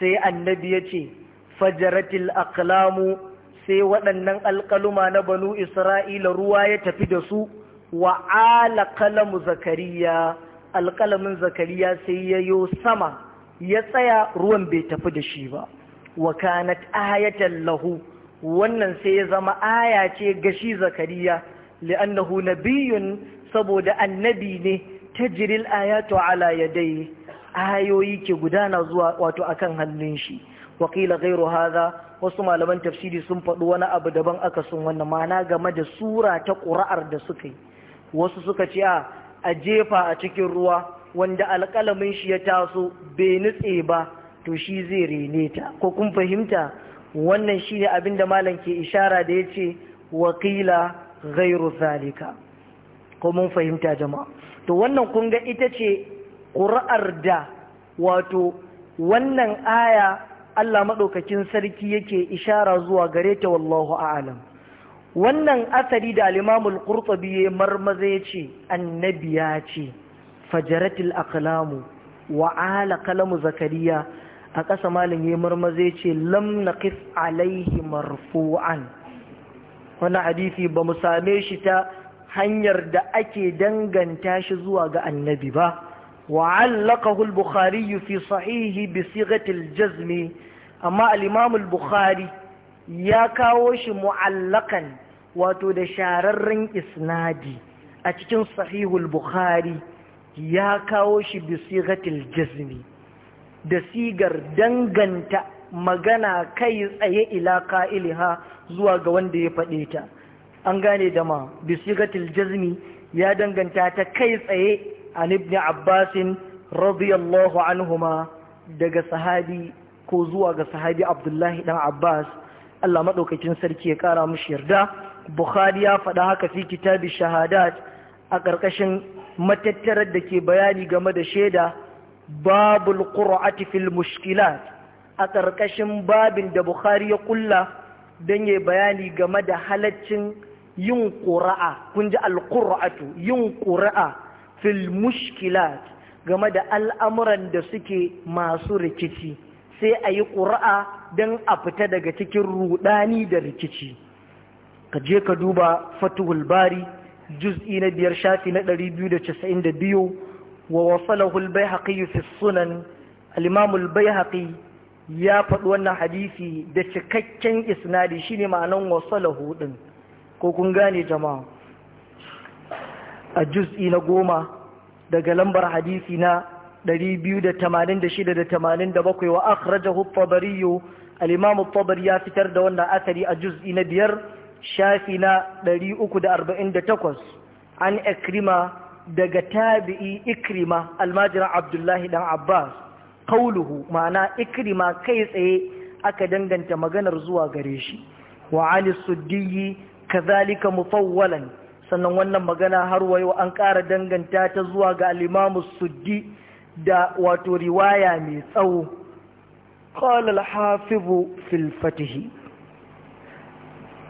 sai annabi ya ce fajaratil aklamu sai waɗannan alƙaluma na banu isra'ila ruwa ya tafi da su wa ala kalamu zakariya alkalamin zakariya sai ya yo sama ya tsaya ruwan bai tafi da shi ba wa kanat ayatan lahu wannan sai ya zama aya ce ga shi zakariya li'annahu nabiyun saboda annabi ne tajril ayatu ala yadai ayoyi ke gudana zuwa wato akan hannun shi wa qila ghayru wasu malaman tafsiri sun faɗi wani abu daban aka sun wannan ma'ana game da sura ta ƙura'ar da suka yi wasu suka ce a jefa a cikin ruwa wanda alƙalamin shi ya taso bai nutse ba to shi zai rene ta ko kun fahimta wannan shi ne abin da malam ke ishara da ya ce wakila gairu zalika ko mun fahimta jama'a to wannan kun ga ita ce ƙura'ar da wato wannan aya Allah maɗaukakin sarki yake ishara zuwa gare ta wallahu a'alam wannan asali da alimamul qurtubi ya marmaza ya ce annabi ya ce fajaratil aqlamu wa ala kalamu zakariya a ƙasa malin ya marmaza ya ce lam naqif alaihi marfu'an wani hadisi ba mu same shi ta hanyar da ake danganta shi zuwa ga annabi ba wa allaqahu al-bukhari fi sahihi bi sighati al amma al-imam al-bukhari ya kawo shi mu'allakan wato da shararren isnadi a cikin sahihul bukhari ya kawo shi bi jazmi da sigar danganta magana kai tsaye ila qa'ilha zuwa ga wanda ya faɗe ta an gane da ma bi jazmi ya danganta ta kai tsaye an ibn abbas radiyallahu anhuma daga sahabi ko zuwa ga sahabi abdullahi dan abbas Allah maɗaukacin sarki ya ƙara mushi yarda bukhari ya faɗa haka fi kitabi shahadat a ƙarƙashin matattarar da ke bayani game da shaida babul qur'ati fil mushkilat a ƙarƙashin babin da bukhari ya kulla don ya bayani game da halaccin yin ƙura'a kun ji alƙura'atu yin ƙura'a fil mushkilat game da al'amuran da suke masu rikici sai a yi ƙura'a don a fita daga cikin ruɗani da rikici ka je ka duba fatuhul bari juz'i na biyar shafi na 292 wa wasalahu al-baihaqi fi sunan alimamul bai haƙi ya faɗi wannan hadisi da cikakken isnadi shine ma'anan wasalahu ɗin ko kun gane jama'a a juz'i na goma daga lambar hadisi na 286 da 87 wa akhrajahu at-tabari alimamul tabari ya fitar da wannan asari a juz'i na biyar shafi na ɗari uku da da arba'in 348 an ikrima daga tabi'i ikrima almajira abdullahi dan abbas kauluhu ma'ana ikrima kai tsaye aka danganta maganar zuwa gare shi wa ali suddiyi kazalika mufawwalan sannan wannan magana har wayo an ƙara danganta ta zuwa ga Limamu suddi da wato riwaya mai tsawo qala al-hafizu filfatihi.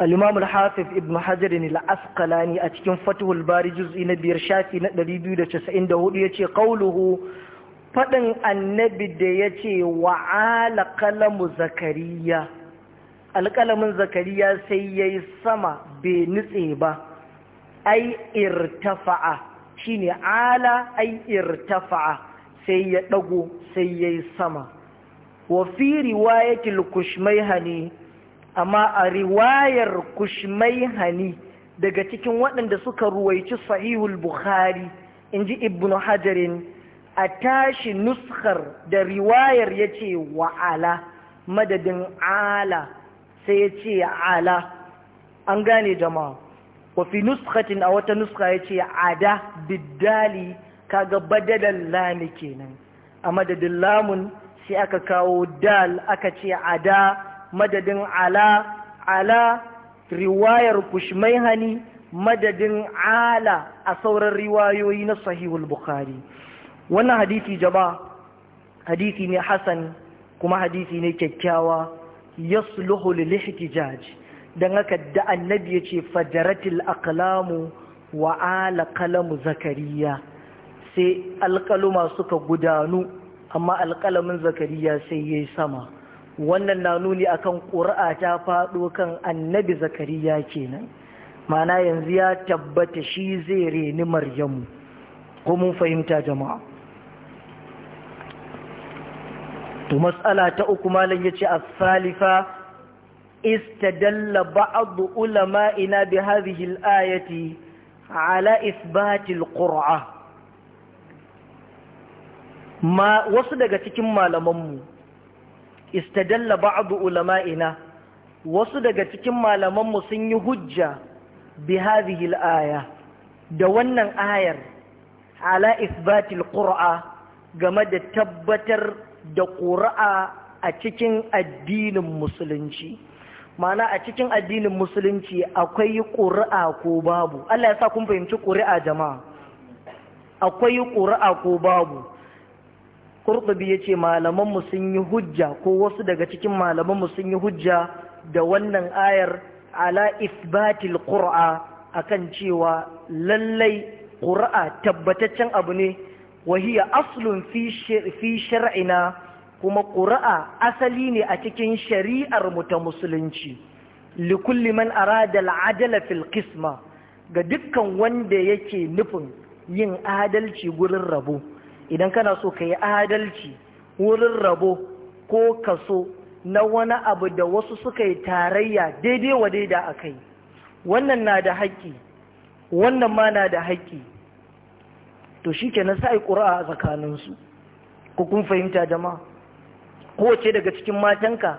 الإمام الحافظ ابن حجر الأسقلاني أتكن فتح الباري جزء نبير شافي نقل بيودة تسعين دهود يتي قوله فدن النبي ديتي وعال قلم زكريا alƙalamin zakariya sai ya yi sama bai nutse ba ai irtafa'a shi ne ala ai irtafa'a sai ya ɗago sai ya sama Wafiri fi riwayatil kushmai hane amma a riwayar kushmai hani daga cikin waɗanda suka ruwaici sahihul bukhari in ji ibn hajarin a tashi nuskar da riwayar ya ce wa'ala madadin ala sai ya ce ala an gane jama'a wafi nuskatin a wata nuska ya ce ada biddali kaga badalan lami kenan a madadin lamun sai aka kawo dal aka ce ada madadin ala ala riwayar kushmaihani madadin ala a sauran riwayoyi na sahihul bukhari wannan hadisi jaba hadisi ne Hassan kuma hadisi ne kyakkyawa yasluhu lil ihtijaj dan haka da annabi yace fadaratil aqlamu wa ala qalamu zakariya sai alqaluma suka gudanu amma alqalamin zakariya sai yayi sama wannan na nuni akan ƙura'a ta faɗo kan annabi zakariya kenan mana yanzu ya tabbata shi zai reni maryamu ko mun fahimta jama'a to matsala ta uku malam yace as-salifa istadalla ba'd ina bi hadhihi al-ayati ala isbati al-qur'a ma wasu daga cikin malamanmu istadalla Ulama ulama'ina wasu daga cikin malamanmu sun yi hujja bi hadhihi al-aya da wannan ayar ala isbatil qur'a game da tabbatar da qur'a a cikin addinin musulunci mana a cikin addinin musulunci akwai qur'a ko babu Allah ya sa kun fahimci ƙuri'a jama'a akwai ƙuri'a ko babu kurbabi ya ce malamanmu sun yi hujja ko wasu daga cikin malamanmu sun yi hujja da wannan ayar ala isbatil qur'a akan cewa lallai qur'a tabbataccen abu ne wahiya aslun fi shar'ina kuma qur'a asali ne a cikin shari'ar mu ta musulunci likulli man arada al'adala fil qisma ga dukkan wanda yake nufin yin adalci gurin rabo idan kana so ka yi adalci wurin rabo ko kaso na wani abu da wasu suka yi tarayya daidai wa daida a kai wannan na da haƙƙi wannan ma na da haƙƙi to shi ke nasa sai ƙura a tsakaninsu ko kun fahimta jama'a kowace daga cikin matanka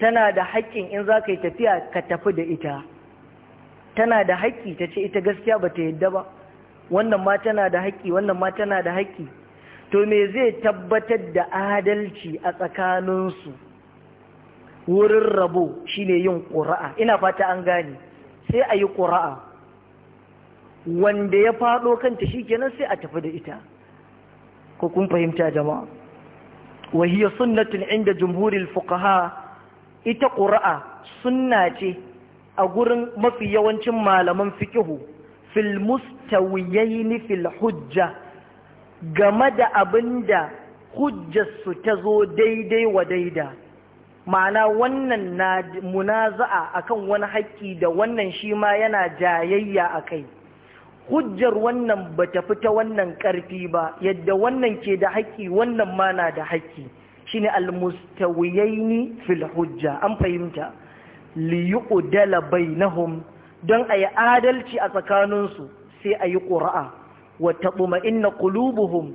tana da haƙƙin in za ka yi tafiya ka tafi da ita tana da haƙƙi ta ce ita gaskiya ba ta yadda ba wannan ma tana da haƙƙi wannan ma tana da haƙƙi to me zai tabbatar da adalci a tsakaninsu wurin rabo shine yin ƙura'a ina fata an gane sai a yi ƙura'a wanda ya faɗo kanta shi kenan sai a tafi da ita ko kun fahimta jama'a wahiyar sunnatun inda jumhurin fukaha ita ƙura'a sunna ce a gurin mafi yawancin malaman fikihu fil mustawiyaini fil hujja game da abin da hujjarsu ta zo daidai wa daida ma'ana wannan na munaza'a akan wani haƙƙi da wannan shi ma yana jayayya a kai hujjar wannan ba ta fita wannan ƙarfi ba yadda wannan ke da haƙƙi wannan ma na da haƙƙi shine almustawiyaini fil hujja an fahimta bai na bainahum don a yi adalci a tsakaninsu sai a yi ƙura'a ɓuma taqma'inna qulubuhum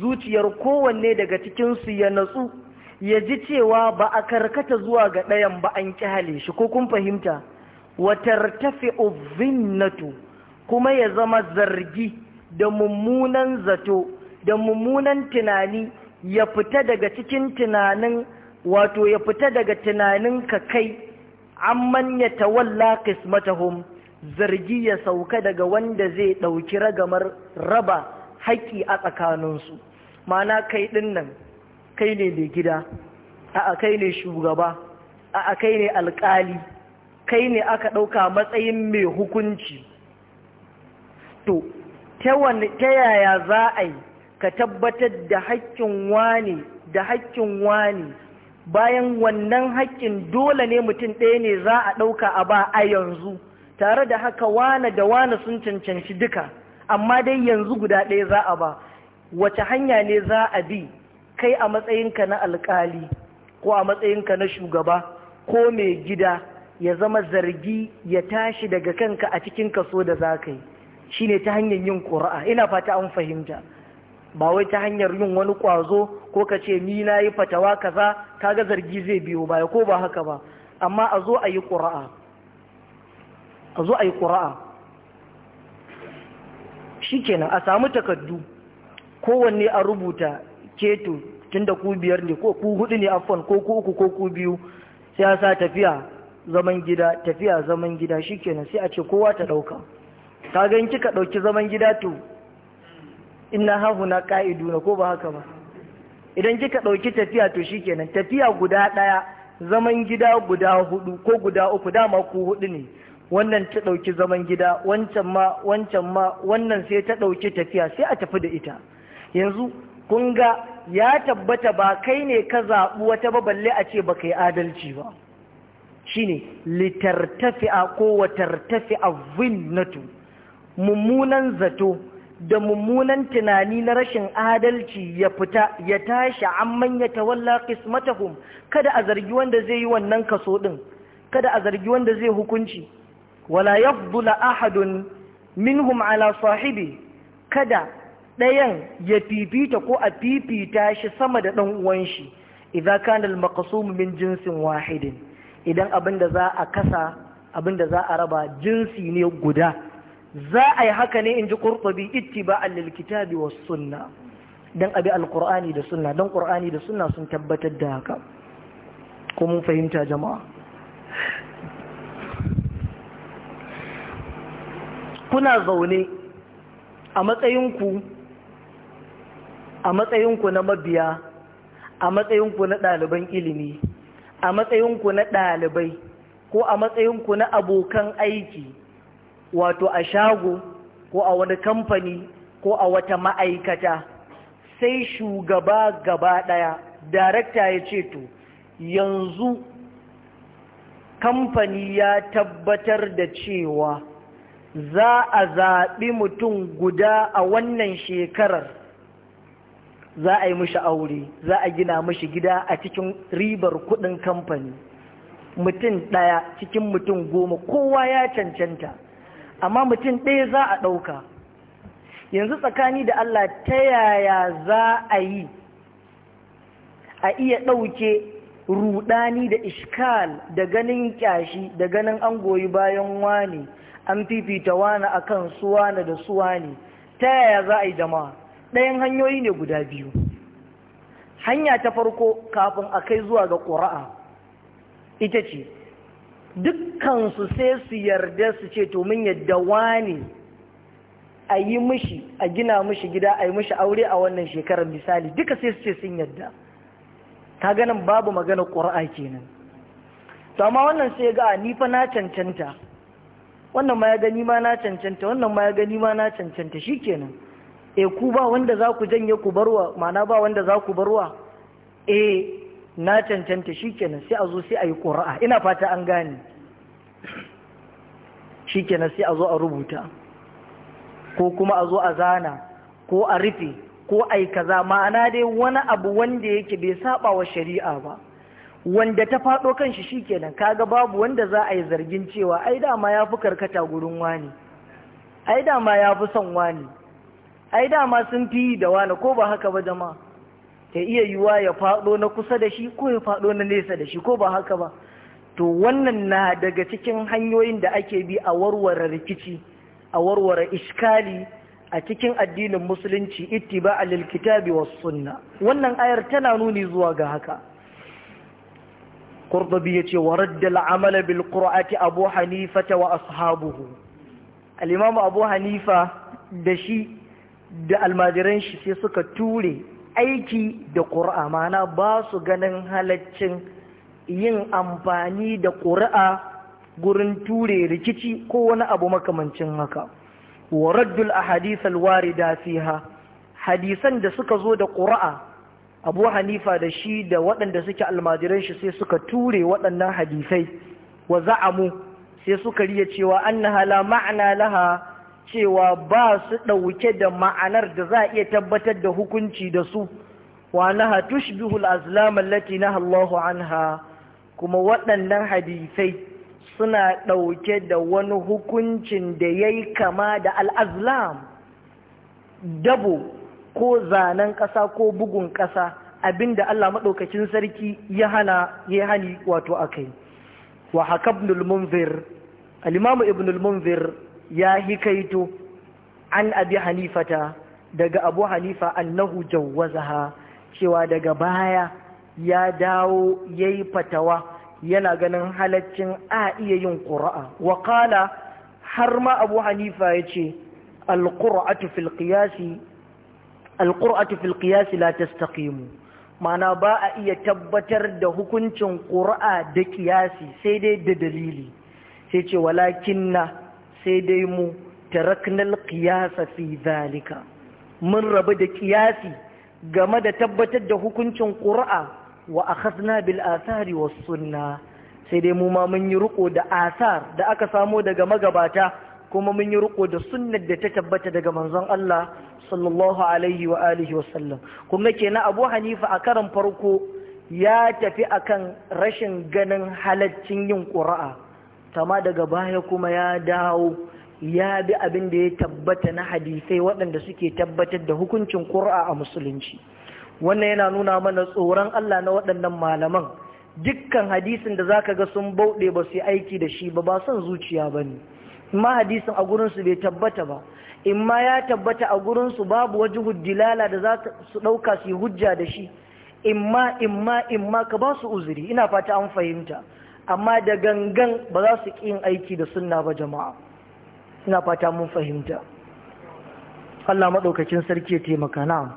zuciyar kowanne daga cikinsu ya natsu ya ji cewa ba a karkata zuwa ga ɗayan ba an kyale shi ko kun fahimta wa tartafi'u nato, kuma ya zama zargi da mummunan zato da mummunan tunani ya fita daga cikin tunanin wato ya fita daga tunanin ka kai amman ya tawalla kismatahum zargi ya sauka daga wanda zai ɗauki ragamar raba haƙƙi a tsakaninsu mana kai ɗin nan kai ne mai gida a kai ne shugaba a kai ne alƙali kai ne aka ɗauka matsayin mai hukunci to ta yaya za a yi ka tabbatar da haƙƙin wani da haƙƙin wani bayan wannan haƙƙin dole ne mutum ɗaya ne za a ɗauka a ba a yanzu tare da haka wane da wane sun cancanci duka amma dai yanzu guda ɗaya za a ba wace hanya ne za a bi kai a matsayinka na alkali ko a matsayinka na shugaba ko mai gida ya zama zargi ya tashi daga kanka a cikin kaso da za ka yi shi ne ta hanyar yin ƙura'a ina fata an fahimta ba wai ta hanyar yin wani ƙwazo ko ka ce ni na yi fatawa kaza kaga zargi zai biyo baya ko ba haka ba amma a zo a yi ƙura'a a zo a yi ƙura'a shi kenan a samu takardu kowanne a rubuta keto tun da ku biyar ne ko ku hudu ne afon ko ku uku ko ku biyu sai a sa tafiya zaman gida tafiya zaman gida shi kenan sai a ce kowa ta ɗauka ta gan kika ɗauki zaman gida to ina hahuna ƙa'idu na ko ba haka ba idan kika ɗauki tafiya to shi kenan tafiya guda ɗaya zaman gida guda hudu ko guda uku dama ku hudu ne wannan ta ɗauki zaman gida wancan ma wancan ma wannan sai ta ɗauki tafiya sai a tafi da ita yanzu kun ga ya tabbata ba kai ne ka zaɓi wata ba balle a ce ba kai adalci ba shine litartafi'a ko a vinnatu mummunan zato da mummunan tunani na rashin adalci ya fita ya tashi amman ya tawalla qismatahum kada a zargi wanda zai yi wannan kaso ɗin, kada a zargi wanda zai hukunci wala yafdula ahadun minhum ala sahibi kada ɗayan ya fifita ko a fifita shi sama da ɗan uwan shi idza kana al-maqsum min jinsin wahidin idan abinda za a kasa abinda za a raba jinsi ne guda za a yi haka ne in ji qurtubi ittiba'an lil kitabi was sunna dan abi al-qur'ani da sunna dan qur'ani da sunna sun tabbatar da haka ko mun fahimta jama'a kuna zaune a matsayinku a matsayinku na mabiya a matsayinku na ɗaliban ilimi a matsayinku na ɗalibai ko a matsayinku na abokan aiki wato a shago ko a wani kamfani ko a wata ma'aikata sai shugaba gaba ɗaya darakta ya ce to yanzu kamfani ya tabbatar da cewa za a zaɓi mutum guda a wannan shekarar za a yi mishi aure za a gina mishi gida a cikin ribar kudin kamfani mutum ɗaya cikin mutum goma kowa ya cancanta amma mutum ɗaya za a ɗauka yanzu tsakani da Allah ta yaya za a yi a iya ɗauke rudani da iskal da ganin kyashi da ganin an goyi bayan wane an fifita wani akan suwana da suwane ta yaya za a yi jama'a ɗayan hanyoyi ne guda biyu hanya ta farko kafin a kai zuwa ga ƙura'a ita ce dukkansu sai su yarda su ce to min yadda wani a yi mishi a gina mishi gida a yi mishi aure a wannan shekarar misali duka sai su ce sun yadda ta ganin babu magana ƙura'a kenan to amma wannan sai ga ni fa na cancanta wannan ma ya gani ma na cancanta wannan ma ya gani ma na cancanta shikenan e ku ba wanda za ku janye ku barwa ma'ana ba wanda za ku barwa e na cancanta shikenan sai a zo sai a yi ƙura'a ina fata an gane shikenan sai a zo a rubuta ko kuma a zo a zana ko a rufe ko yi kaza ma'ana dai wani abu wanda yake bai saba wa shari'a ba wanda ta faɗo kan shi shikenan kaga babu wanda za a yi zargin cewa ai dama ya fi karkata gurin wani ai dama ya fi son wani ai dama sun fi da wani ko ba haka ba jama'a ta iya yiwa ya faɗo na kusa da shi ko ya faɗo na nesa da shi ko ba haka ba to wannan na daga cikin hanyoyin da ake bi a warware rikici a warware iskali a cikin addinin musulunci ittiba lil kitabi was sunna wannan ayar tana nuni zuwa ga haka al ya ce warar da amala bil abu hanifa ta wa ashabuhu Al’imamu abu hanifa da shi da almajiran shi sai suka ture aiki da qur'a mana ba su ganin halaccin yin amfani da ƙuri'a gurin ture rikici ko wani abu makamancin haka wa a ahadith warida fiha hadisan da suka zo da ƙuri'a. abu hanifa da shi da waɗanda suke almajiran shi sai suka ture waɗannan hadisai wa za'amu sai suka riya cewa annaha la ma'ana laha cewa ba su ɗauke da ma'anar da za a iya tabbatar da hukunci da su wa naha tushbihul azlam allati naha Allahu anha kuma waɗannan hadisai suna ɗauke da wani hukuncin da yayi kama da al-azlam dabo ko zanen ƙasa ko bugun ƙasa abinda Allah maɗaukacin sarki ya hana ya hani wato kai. wa haka ibn al-munzir munzir ya hikaito an abi hanifata daga abu hanifa annahu jawwazaha cewa daga baya ya dawo ya yi fatawa yana ganin halaccin a iya yin ƙura'a. wa kala har ma abu hanifa yace al-qur'atu fil qiyasi alƙur'atu fil ƙiyasi la tastaqimu mana ba a iya tabbatar da hukuncin ƙur'a da ƙiyasi sai dai da dalili sai ce na sai dai mu taraknal qiyasa fi zalika mun rabu da ƙiyasi game da tabbatar da hukuncin ƙur'a wa akhadna bil asari wa sunna sai dai mu ma mun yi riko da asar da aka samo daga magabata kuma mun yi riko da sunnar da ta tabbata daga manzon Allah sallallahu alaihi wa alihi wa sallam kun kenan Abu Hanifa a karan farko ya tafi akan rashin ganin halaccin yin ƙura'a da daga baya kuma ya dawo ya bi abin da ya tabbata na hadisai waɗanda suke tabbatar da hukuncin ƙura'a a musulunci wannan yana nuna mana tsoron Allah na waɗannan malaman dukkan hadisin da zaka ga sun bauɗe ba su yi aiki da shi ba ba son zuciya bane ma hadisin a gurinsu bai tabbata ba in ma ya tabbata a gurinsu babu waje hujjilala da za su ɗauka su yi hujja da shi in ma in ma in ma ka ba su uzuri ina fata an fahimta amma da gangan ba za su ƙin aiki da sunna ba jama'a ina fata mun fahimta Allah maɗaukakin sarki ya taimaka na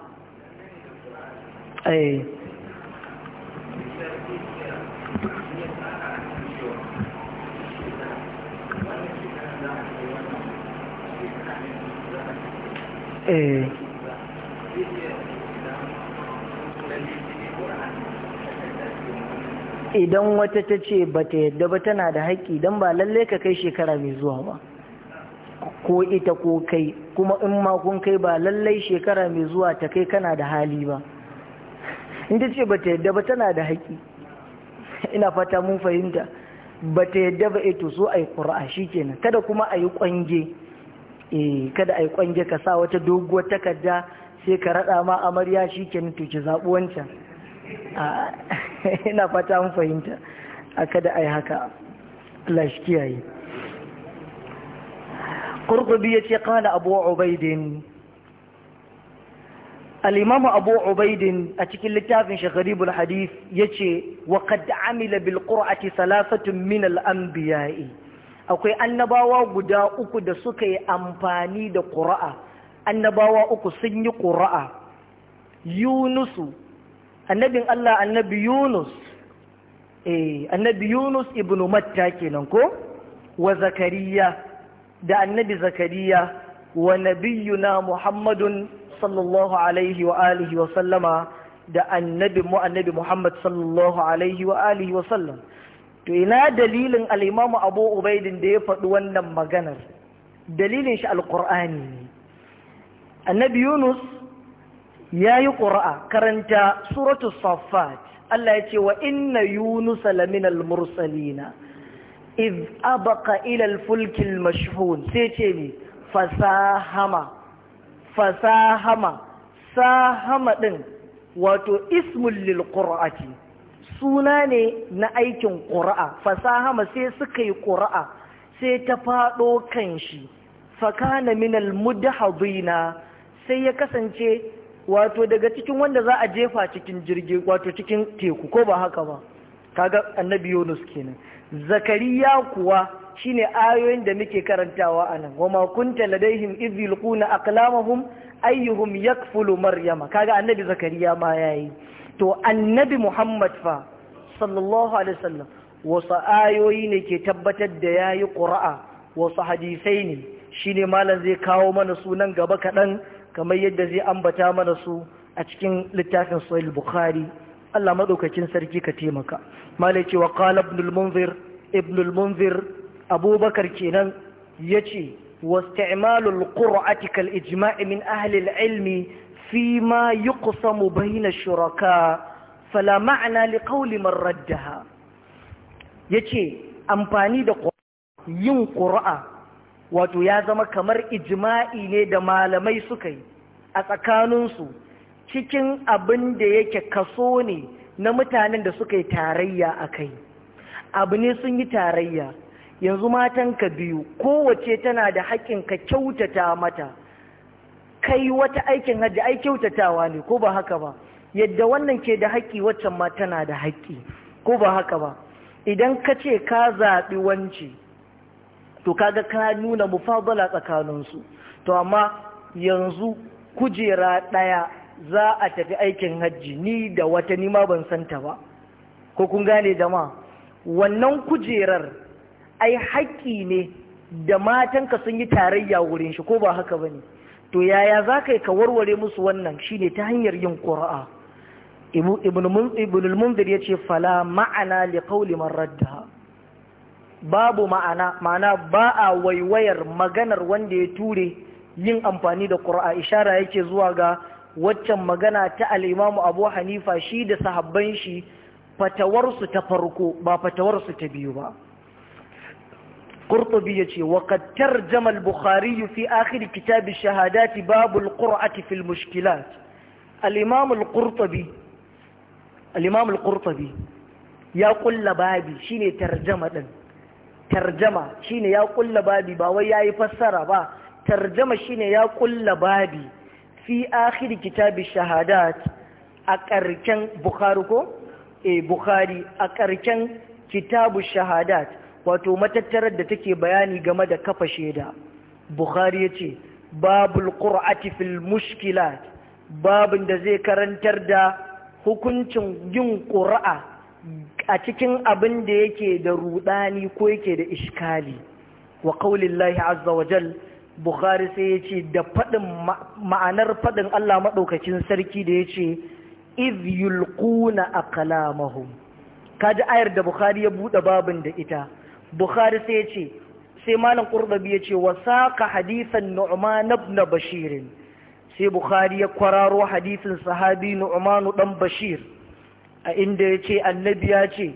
eh idan wata ta ce ba ta yadda ba tana da haƙƙi don ba lalle ka kai shekara mai zuwa ba ko ita ko kai kuma in ma kun kai ba lallai shekara mai zuwa ta kai kana da hali ba in ta ce ba ta yadda ba tana da haƙƙi ina fata mun fahimta ba ta yadda ba eto eh so a yi ƙura'a shi kenan kada kuma a yi ƙwange eh kada ai kwange ka sa wata doguwar takarda sai ka rada ma amarya shikenan to ki zabu wancan ina fata mun fahimta a kada ai haka Allah shi kiyaye Qurtubi yace kana Abu Ubaidin الإمام أبو عبيد أتكل لتافن شغريب الحديث يتي وقد عمل بالقرعة ثلاثة من الأنبياء akwai annabawa guda uku da suka yi amfani da ƙura'a annabawa uku sun yi ƙura'a yunusu annabin Allah annabi yunus eh annabi yunus Ibn matta kenan ko wa zakariya da annabi zakariya wa nabiyuna muhammadun sallallahu alaihi wa alihi wa sallama da annabi mu annabi muhammad sallallahu alaihi wa alihi wa sallam to ina dalilin al'imamu abu ubaidin da ya faɗi wannan maganar dalilin shi alƙur'ani ne annabi yunus ya yi ƙura'a karanta suratu safat Allah ya ce wa inna yunus laminal mursalina iz abaka ilal fulkin mashhun sai ce ne fasahama fasahama sahama ɗin wato ismun lil qur'ati suna ne na aikin ƙura'a fasahama sai suka yi ƙura'a sai ta faɗo kan shi fakana minal mudhadina sai ya kasance wato daga cikin wanda za a jefa cikin jirgi wato cikin teku ko ba haka ba kaga annabi Yunus kenan zakariya kuwa shine ayoyin da muke karantawa a nan wama kunta ladaihim idh yulquna aqlamahum ayyuhum yakfulu maryama kaga annabi zakariya ma yayi to annabi muhammad fa sallallahu alaihi wasallam wasu ayoyi ne ke tabbatar da yayi qura'a wasu hadisai ne shine malam zai kawo mana sunan gaba kaɗan kamar yadda zai ambata mana su a cikin littafin sahih bukhari Allah madaukakin sarki ka taimaka malai ce wa qala ibn al-munzir ibn al-munzir abubakar kenan yace واستعمال القرعة كالإجماع من ahlil العلم فيما يقسم بين الشركاء فلا معنى لقول من ردها yace amfani da yin ƙuri'a wato ya zama kamar ijma'i ne da malamai suka yi a tsakaninsu cikin abin da yake kaso ne na mutanen da suka yi tarayya a kai abu ne sun yi tarayya yanzu matanka biyu kowace tana da haƙƙin ka kyautata mata kai wata aikin hajji ai kyautatawa ne ko ba haka ba yadda wannan ke da haƙƙi waccan ma tana da haƙƙi ko ba haka ba idan ka ce ka zaɓi wance, to kaga ka nuna mufadala tsakaninsu to amma yanzu kujera ɗaya za a tafi aikin hajji ni da wata ni ma ban santa ba ko kun gane da ma? wannan kujerar ai haƙƙi ne da matanka sun yi tarayya wurin shi ko ba haka ba ne to yaya za ka yi ka warware musu wannan shine ta hanyar yin ƙura'a al mundir ya ce fala ma'ana li qawli man radda babu ma'ana ma'ana ba a waiwayar maganar wanda ya ture yin amfani da ƙura'a ishara yake zuwa ga waccan magana ta al'imamu abu hanifa shi da sahabban shi fatawarsu ta farko ba fatawarsu ta biyu ba قرطبي يجي وقد ترجم البخاري في آخر كتاب الشهادات باب القرعة في المشكلات الإمام القرطبي الإمام القرطبي ya kulla babi shine tarjama din tarjama shine ya kulla babi ba wai yayi fassara ba tarjama shine ya kulla babi fi akhir kitabi shahadat a karken bukhari ko eh, bukhari a karken kitabu shahadat wato matattarar da take bayani game da kafa shaida bukhari ya ce babul qur'ati fil mushkilat babin da zai karantar da hukuncin yin ƙura'a a cikin abin da yake da rudani ko yake da iskali wa qaulillahi azza wa jal bukhari sai ya ce da faɗin ma'anar faɗin allah maɗaukacin sarki da yace ce iz yulquna aqlamahum kaji ayar da bukhari ya buɗe babin da ita bukhari sai ya ce sai malam qurbabi ya ce wa saqa hadithan nu'man ibn bashir sai bukhari ya kwararo hadisin sahabi nu'man ɗan bashir a inda ya ce annabi ya ce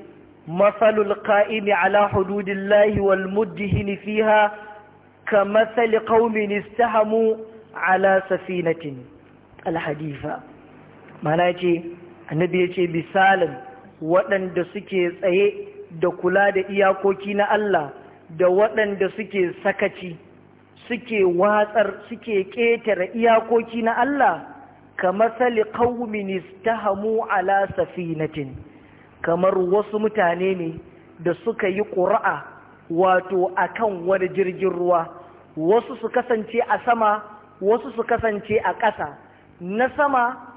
masalul qa'imi ala hududillahi wal muddihini fiha kamathali qaumin istahamu ala safinatin al hadifa mana ce annabi ya ce waɗanda suke tsaye da kula da iyakoki na Allah da waɗanda suke sakaci suke watsar suke ƙetare iyakoki na Allah kamar sali ta istahamu ala safinatin kamar wasu mutane ne da suka yi ƙura'a wato akan wani jirgin ruwa wasu su kasance a sama wasu su kasance a ƙasa na sama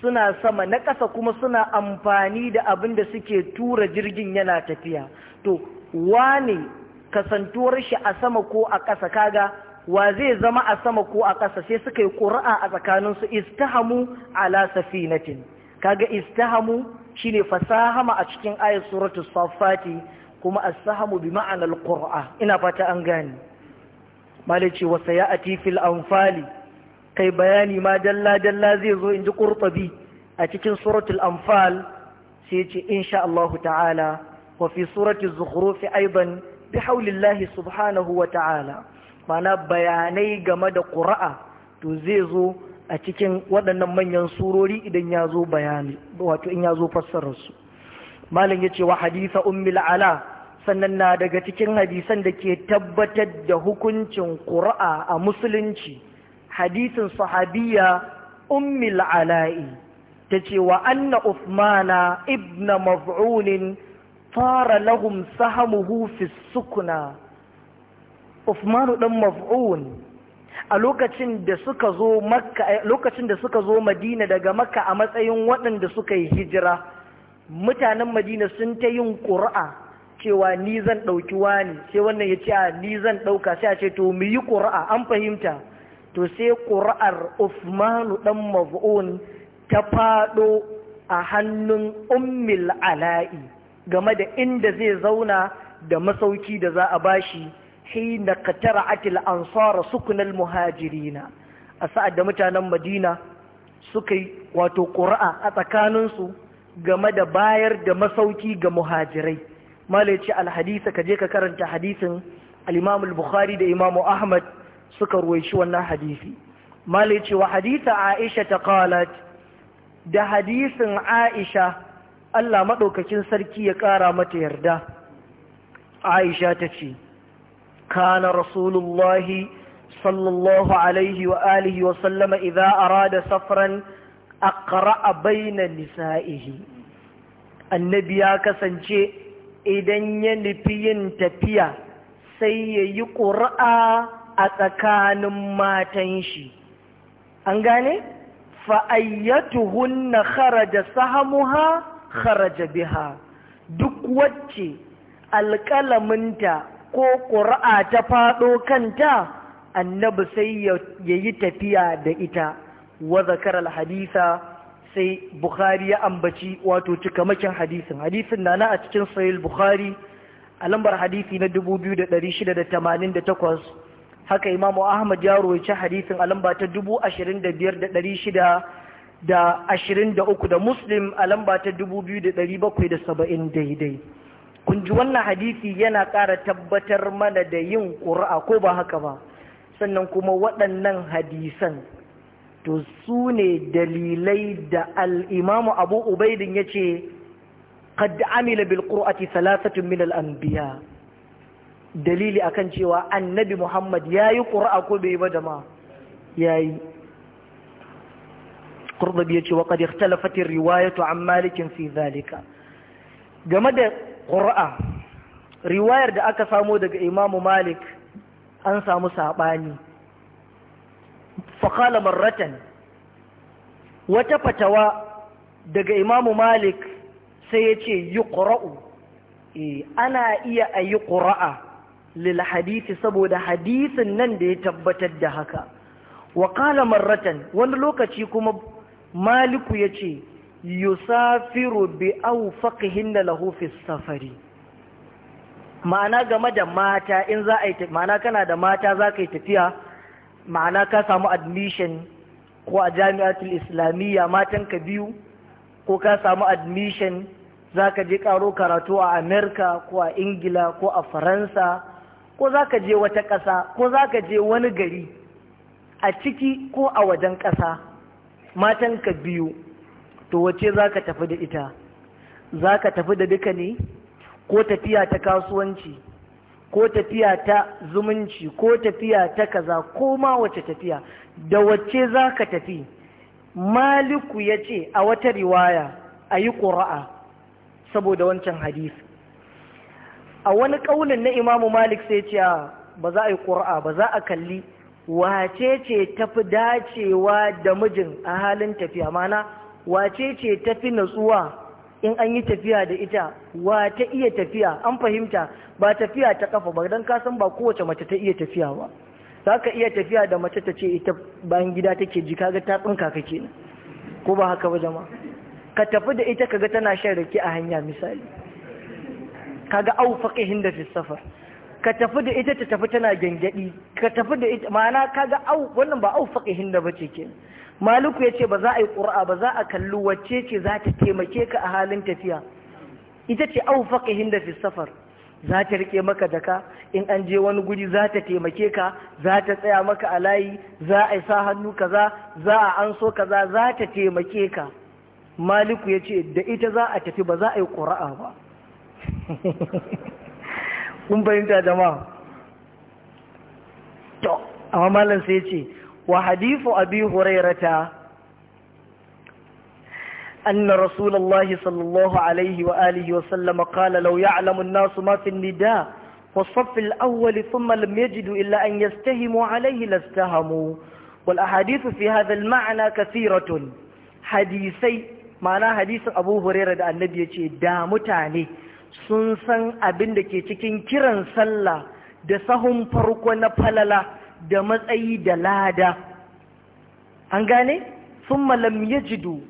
suna sama na ƙasa kuma suna amfani da abin da suke tura jirgin yana tafiya to wane kasantuwar shi a sama ko a ƙasa kaga wa zai zama a sama ko a ƙasa sai suka yi ƙuri'a a tsakaninsu istahamu ala safinatin kaga istahamu shine fasahama a cikin ayat suratul safati kuma as-sahamu bi ma'anar qur'a ina fata an gane malaci wa sayati fil anfali kai bayani ma dalla dalla zai zo in ji qurtubi a cikin suratul anfal sai ce insha Allah ta'ala wa fi suratul zukhruf aidan bi haulillahi subhanahu wa ta'ala mana bayanai game da qura'a to zai zo a cikin waɗannan manyan surori idan ya zo bayani wato in ya zo fassararsu malam ya ce wa haditha ummil ala sannan na daga cikin hadisan da ke tabbatar da hukuncin ƙura'a a musulunci hadisin sahabiya ummil ala'i ta ce wa anna usmana ibna maf'unin fara lahum sahamuhu fi sukuna usmanu dan mazun a lokacin da suka zo makka eh, lokacin da suka zo madina daga makka a matsayin waɗanda suka yi hijira mutanen madina sun ta yin ƙura'a cewa ni zan ɗauki wani sai wannan ya ce a ni zan ɗauka sai a ce to mu yi ƙura'a an fahimta to sai ƙura'ar Uthmanu ɗan Maf'un ta faɗo a hannun ummil ala'i game da inda zai zauna da masauki da za a bashi hina katara atil ansara sukunal muhajirina a sa'ad da mutanen madina suka yi wato ƙura'a a tsakaninsu game da bayar da masauki ga muhajirai malaci alhadisa ka je ka karanta hadisin imamul bukhari da imamu ahmad suka ruwaici wannan hadisi mali cewa hadisa aisha ta qalat da hadisin aisha Allah maɗaukacin sarki ya ƙara mata yarda aisha ta ce kana rasulullahi sallallahu alaihi wa alihi wa sallama idza arada safran aqra'a bayna nisa'ihi annabi ya kasance idan ya nufi yin tafiya sai ya yi ƙura'a a tsakanin matan shi an gane fa'ayyatuhunna kharaja sahamuha kharaja biha duk wacce alƙalaminta ko ƙura'a ta faɗo kanta annabi sai ya yi tafiya da ita wa zakar sai bukhari ya ambaci wato cikamakin hadisin hadisin na na a cikin sayil bukhari a lambar hadisi na 2688 haka imamu ahmad ya roci hadisin alamba ta dubu ashirin da biyar da ɗari shida da ashirin da uku da muslim alamba ta dubu biyu da ɗari bakwai da saba'in daidai kun ji wannan hadisi yana ƙara tabbatar mana da yin ƙura'a ko ba haka ba sannan kuma waɗannan hadisan to su ne dalilai da al'imamu abu ubaidin ya ce قد عمل بالقرآة ثلاثة من الأنبياء dalili akan cewa annabi Muhammad ya yi ƙura'a ko bai ba ma ya yi ƙurɗabi ya ce wa ƙadi talafatin to an malikin fi zalika game da ƙura'a riwayar da aka samo daga imamu malik an samu saɓani Fakala marratan wata fatawa daga imamu malik sai ya ce yi ƙura'u eh, ana iya a yi ƙura'a lil hadisi saboda hadisin nan da ya tabbatar da haka wa qala marratan wani lokaci kuma maliku yace yusafiru bi awfaqihin lahu fi safari ma'ana game da mata in za a yi ma'ana kana da mata za ka yi tafiya ma'ana ka samu admission ko a jami'atul islamiyya matan ka biyu ko ka samu admission za ka je karo karatu a amerika ko a ingila ko a faransa ko za ka je wata ƙasa ko za ka je wani gari a ciki ko a wajen ƙasa matan ka biyu to wace za ka tafi da ita za ka tafi da duka ne ko tafiya ta kasuwanci ko tafiya ta zumunci ko tafiya ta kaza ko ma wace tafiya da wace za ka tafi maliku ya ce a wata riwaya a yi ƙura'a saboda wancan hadisi a wani ƙaunin na imamu malik sai ce ah, ba za a yi ƙura ba za a kalli wace ce tafi dacewa da mijin a halin tafiya mana wace ce tafi natsuwa in an yi tafiya da ita wa ta iya tafiya an fahimta ba tafiya ta kafa ba don kasan ba kowace mace ta iya tafiya ba za ka iya tafiya da mace ta ce ita bayan gida take ji kaga ta tsinka ka kenan ko ba haka ba jama ka tafi da ita ka ga tana shan rake a hanya misali kaga au faqihin da fi ka tafi da ita ta tafi tana gyangyaɗi. ka tafi da ita ma'ana kaga au wannan ba au da bace maluku maliku ce ba za a yi ƙuri'a ba za a kalli wacce ce za ta taimake ka a halin tafiya ita ce au faqihin da fi za ta riƙe maka daka in an je wani guri za ta taimake ka za ta tsaya maka a layi za a sa hannu kaza za a anso kaza za ta taimake ka maliku ya ce da ita za a tafi ba za a yi ƙura'a ba kun fahimta jama'a to amma malam sai ce wa hadifu abi hurairata anna rasulullahi sallallahu alaihi wa alihi wa sallama qala law ya'lamu an-nasu ma fi an-nida wa safi al-awwal thumma lam yajidu illa an yastahimu alaihi lastahamu wal ahadith fi hadha ma'ana mana kathiratun ma'ana hadisin abu da annabi yace da mutane sun san abin da ke cikin kiran sallah da sahun farko na falala da matsayi da lada an gane sun malam ya jidu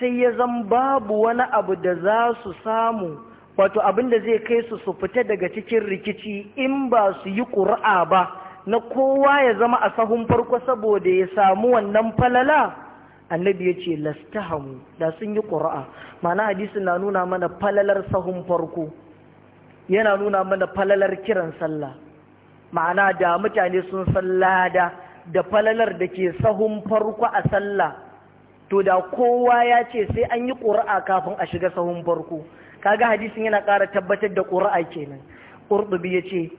sai ya zan babu wani abu da za su samu wato abin da zai kai su su fita daga cikin rikici in ba su yi ƙuri'a ba na kowa ya zama a sahun farko saboda ya samu wannan falala annabi ya ce lastahamu da sun yi ƙura'a mana hadisin na nuna mana falalar sahun farko yana nuna mana falalar kiran sallah ma'ana da mutane sun sallada da falalar da ke sahun farko a sallah to da kowa ya ce sai an yi ƙura'a kafin a shiga sahun farko kaga hadisin yana ƙara tabbatar da ƙura'a kenan ƙurɗubi ya ce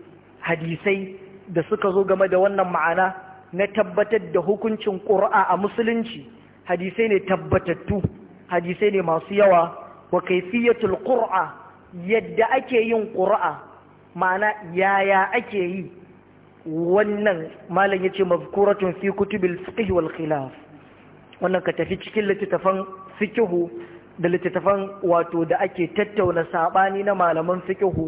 hadisai da suka zo game da wannan ma'ana na tabbatar da hukuncin ƙura'a a musulunci hadisai ne tabbatattu hadisai ne masu yawa wa kaifiyatul qur'a yadda ake yin qur'a ma'ana yaya ake yi wannan malam yace mazkuratun fi kutubil fiqh wal khilaf wannan ka tafi cikin littattafan fikihu da littafan wato da ake tattauna saɓani na malaman fikihu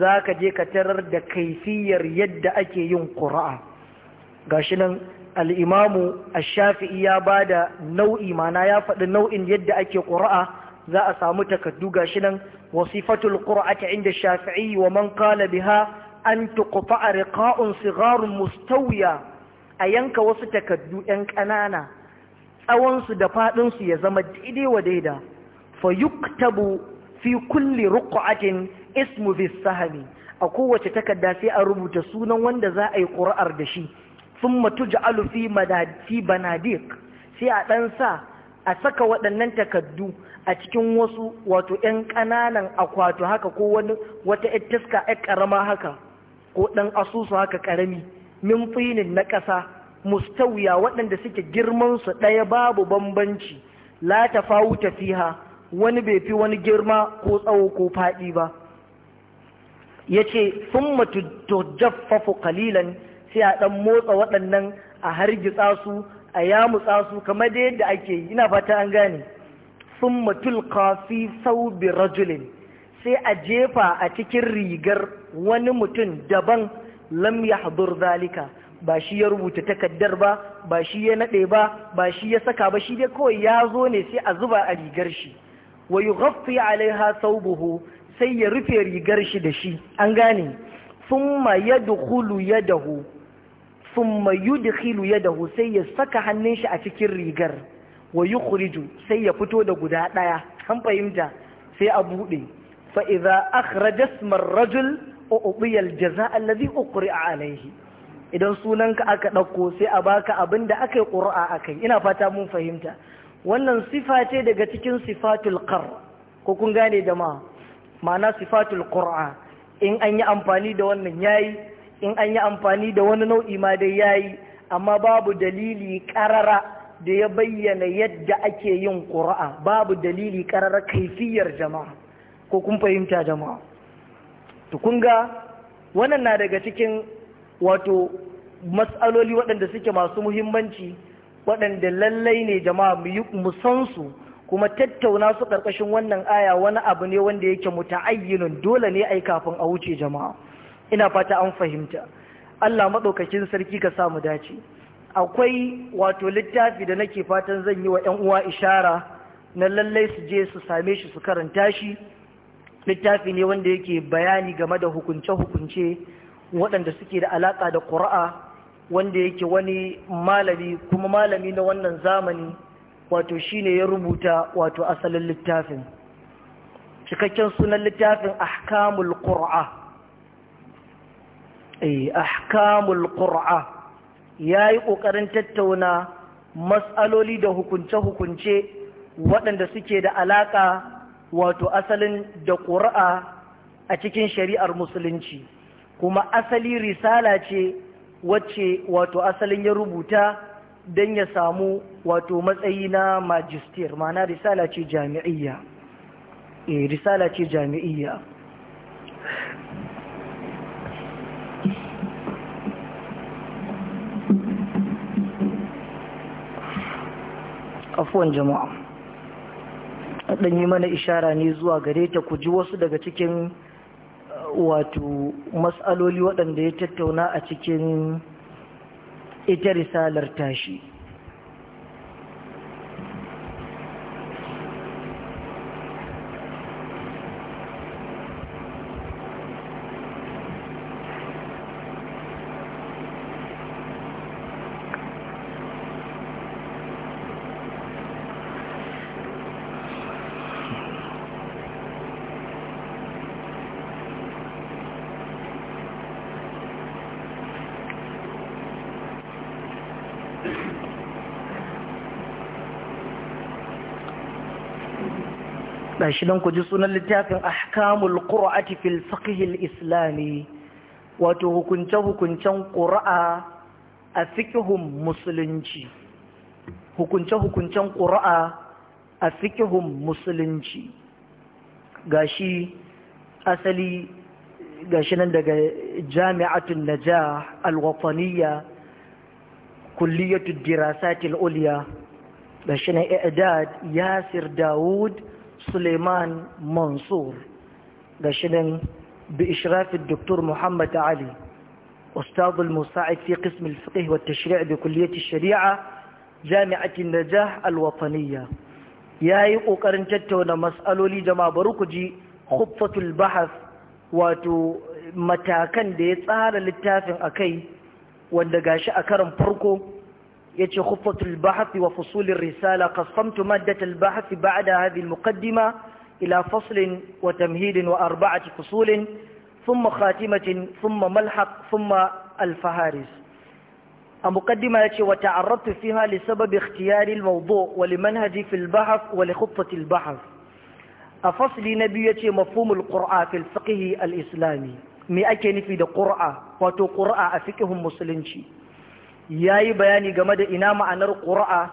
zaka ka je ka tarar da kaifiyar yadda ake yin ƙura'a gashi nan al'imamu a shafi'i ya ba da nau'i mana ya faɗi nau'in yadda ake ƙura'a za a samu takaddu gashi nan wasifatul ƙura'ata inda shafi'i wa man kala biha an tukufa a riƙa'un sigarun mustawiya a yanka wasu takaddu ‘yan ƙanana tsawonsu da faɗinsu ya zama daidai wa daida fa yuktabu fi kulli ruqatin ismu bis sahmi a kowace takarda sai a rubuta sunan wanda za a yi ƙura'ar da shi sun matu alufi fi banadik sai a ɗan sa a saka waɗannan takardu a cikin wasu wato ‘yan ƙananan akwato haka ko wani wata taska ‘yan ƙarama haka ko ɗan asusu haka ƙarami min tsinin na ƙasa mustawiya waɗanda suke girmansu ɗaya babu bambanci la ta fawuta fiha wani bai fi wani girma ko tsawo ko faɗi ba ya ce sun matu jaffafu kalilan sai a ɗan motsa waɗannan a hargitsa su a yamutsa su kamar da yadda ake yi ina fata an gane sun matul kafi bi rajulin sai a jefa a cikin rigar wani mutum daban lam ya zalika ba shi ya rubuta takardar ba ba shi ya naɗe ba ba shi ya saka ba shi dai kawai ya zo ne sai a zuba a rigar shi wa yughaffi alaiha buhu sai ya rufe rigar shi da shi an gane sun duhulu ya dahu. thumma ya dahu sai ya saka hannun shi a cikin rigar wa yukhriju sai ya fito da guda ɗaya. an fahimta sai a buɗe fa idza akhraja isma ar-rajul uqiya jazaa alladhi alayhi idan sunanka aka ɗauko sai a baka abinda ƙuri'a a kai. ina fata mun fahimta wannan sifa ce daga cikin sifatul qar ko kun gane da ma, ma'ana sifatul qur'a in an yi amfani da wannan yayi in an yi amfani da wani nau'i ma dai yi, amma babu dalili karara da ya bayyana yadda ake yin ƙura'a babu dalili karara kaifiyar jama'a ko kun fahimta jama'a tukunga kun ga wannan na daga cikin wato matsaloli waɗanda suke masu muhimmanci waɗanda lallai ne jama'a mu san su kuma tattauna su ƙarƙashin wannan aya wani abu ne wanda yake mutu dole ne ai kafin a wuce jama'a ina fata an fahimta Allah maɗaukakin sarki ka samu dace akwai wato littafi da nake fatan zan yi wa ‘yan uwa ishara na lallai su je su same shi su karanta shi littafi ne wanda yake bayani game da hukunce-hukunce waɗanda suke da alaƙa da ƙura'a wanda yake wani malami kuma malami na wannan zamani wato shi ne ya rubuta wato asalin littafin cikakken sunan littafin ahkamul ƙura'a Eh, ahkamul qur'a yayi kokarin tattauna mas'aloli da hukunce-hukunce waɗanda suke da alaka wato asalin da qur'a a cikin shari'ar musulunci kuma asali risala ce wacce wato asalin ya rubuta don ya samu wato matsayi na majistir ma'ana risala ce jami'iyya eh risala ce jami'iyya afuwan jama'a ɗan yi mana ishara ne zuwa gare ta ku ji wasu daga cikin uh, wato matsaloli waɗanda ya tattauna a cikin ita risalar tashi shi nan ku ji sunan littafin ahkamul qur'ati fil fiqh islami wato hukunce hukuncen ƙura'a a fikihun musulunci hukunce hukuncen ƙura'a a fikihun musulunci gashi asali gashi nan daga jami'atun Naja, al-wataniyya dirasatil uliya al-ulya gashi nan i'dad yasir daud سليمان منصور ga بإشراف الدكتور محمد علي أستاذ المساعد في قسم الفقه والتشريع بكلية الشريعة جامعة النجاح الوطنية يا يقو قرن تتونا مسألو لي جماعة بروكجي خطة البحث واتو متاكن دي تسهل للتافن أكي wanda gashi بروكو يتي خطة البحث وفصول الرسالة قسمت مادة البحث بعد هذه المقدمة إلى فصل وتمهيد وأربعة فصول ثم خاتمة ثم ملحق ثم الفهارس المقدمة يتي وتعرضت فيها لسبب اختيار الموضوع ولمنهجي في البحث ولخطة البحث أفصل نبي مفهوم القرآن في الفقه الإسلامي مئكين في القرآن دا قرآن أفكهم مسلمشي ya yi bayani game da ina ma'anar ƙura'a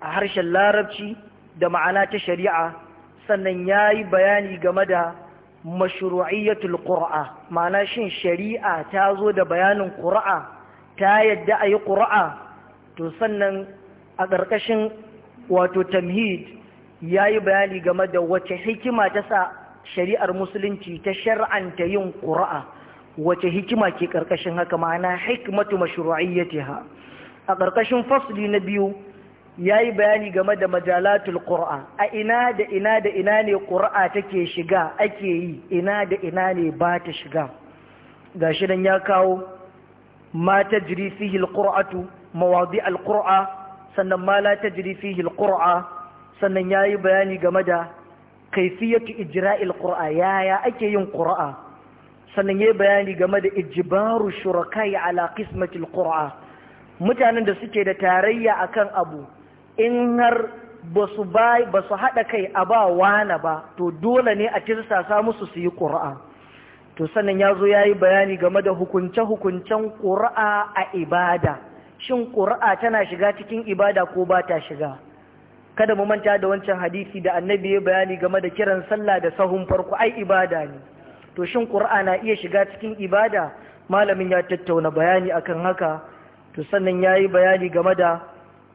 a harshen larabci da ma'ana ta shari'a sannan ya yi bayani game da mashru'iyyatul ƙura'a ma'ana shin shari'a ta zo da bayanin ƙura'a ta yadda a yi ƙura'a to sannan a ƙarƙashin wato tamhid ya yi bayani game da wace hikima ta sa shari'ar musulunci ta shar'anta yin ƙura'a wace hikima ke karkashin haka ma'ana hikmatu mashru'iyyatiha a karkashin fasli na biyu yayi bayani game da majalatul qur'a a ina da ina da ina ne qur'a take shiga ake yi ina da ina ne ba ta shiga gashi nan ya kawo ma tajri fihi alqur'atu mawadi' alqur'a sannan ma la tajri fihi alqur'a sannan yayi bayani game da kaifiyatu ijra'il qur'a yaya ake yin qur'a sannan ya bayani game da ijibaru shurakai ala qismatil qur'a mutanen da suke da tarayya akan abu in har basu bai basu hada kai a ba wani ba to dole ne a tirsasa musu su yi qur'a to sannan yazo yayi bayani game da hukunce hukuncen qur'a a ibada shin qur'a tana shiga cikin ibada ko ba ta shiga kada mu manta da wancan hadisi da annabi ya bayani game da kiran sallah da sahun farko ai ibada ne to shin qur'ana na iya shiga cikin ibada malamin ya tattauna bayani akan haka to sannan yayi bayani game da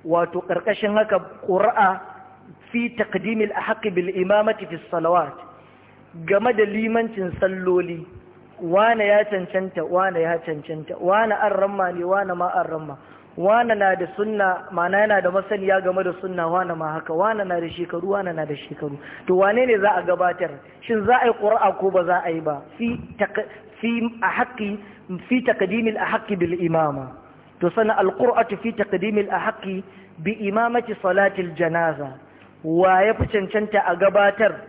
wato ƙarƙashin haka qur'a fi taqdimil ahqi bil imamati fi salawat game da limancin salloli wane ya cancanta wane ya cancanta wane an ne wane ma an Wana na da sunna mana yana da masaniya game da sunna wana ma haka wana na da shekaru wana na da shekaru to wane ne za a gabatar shin za a yi ƙura'a ko ba za a yi ba fi takadimin a haƙi bil imama to sana alƙur'atu fi takadimin a bi imamaci salatil janaza wa ya fi cancanta a gabatar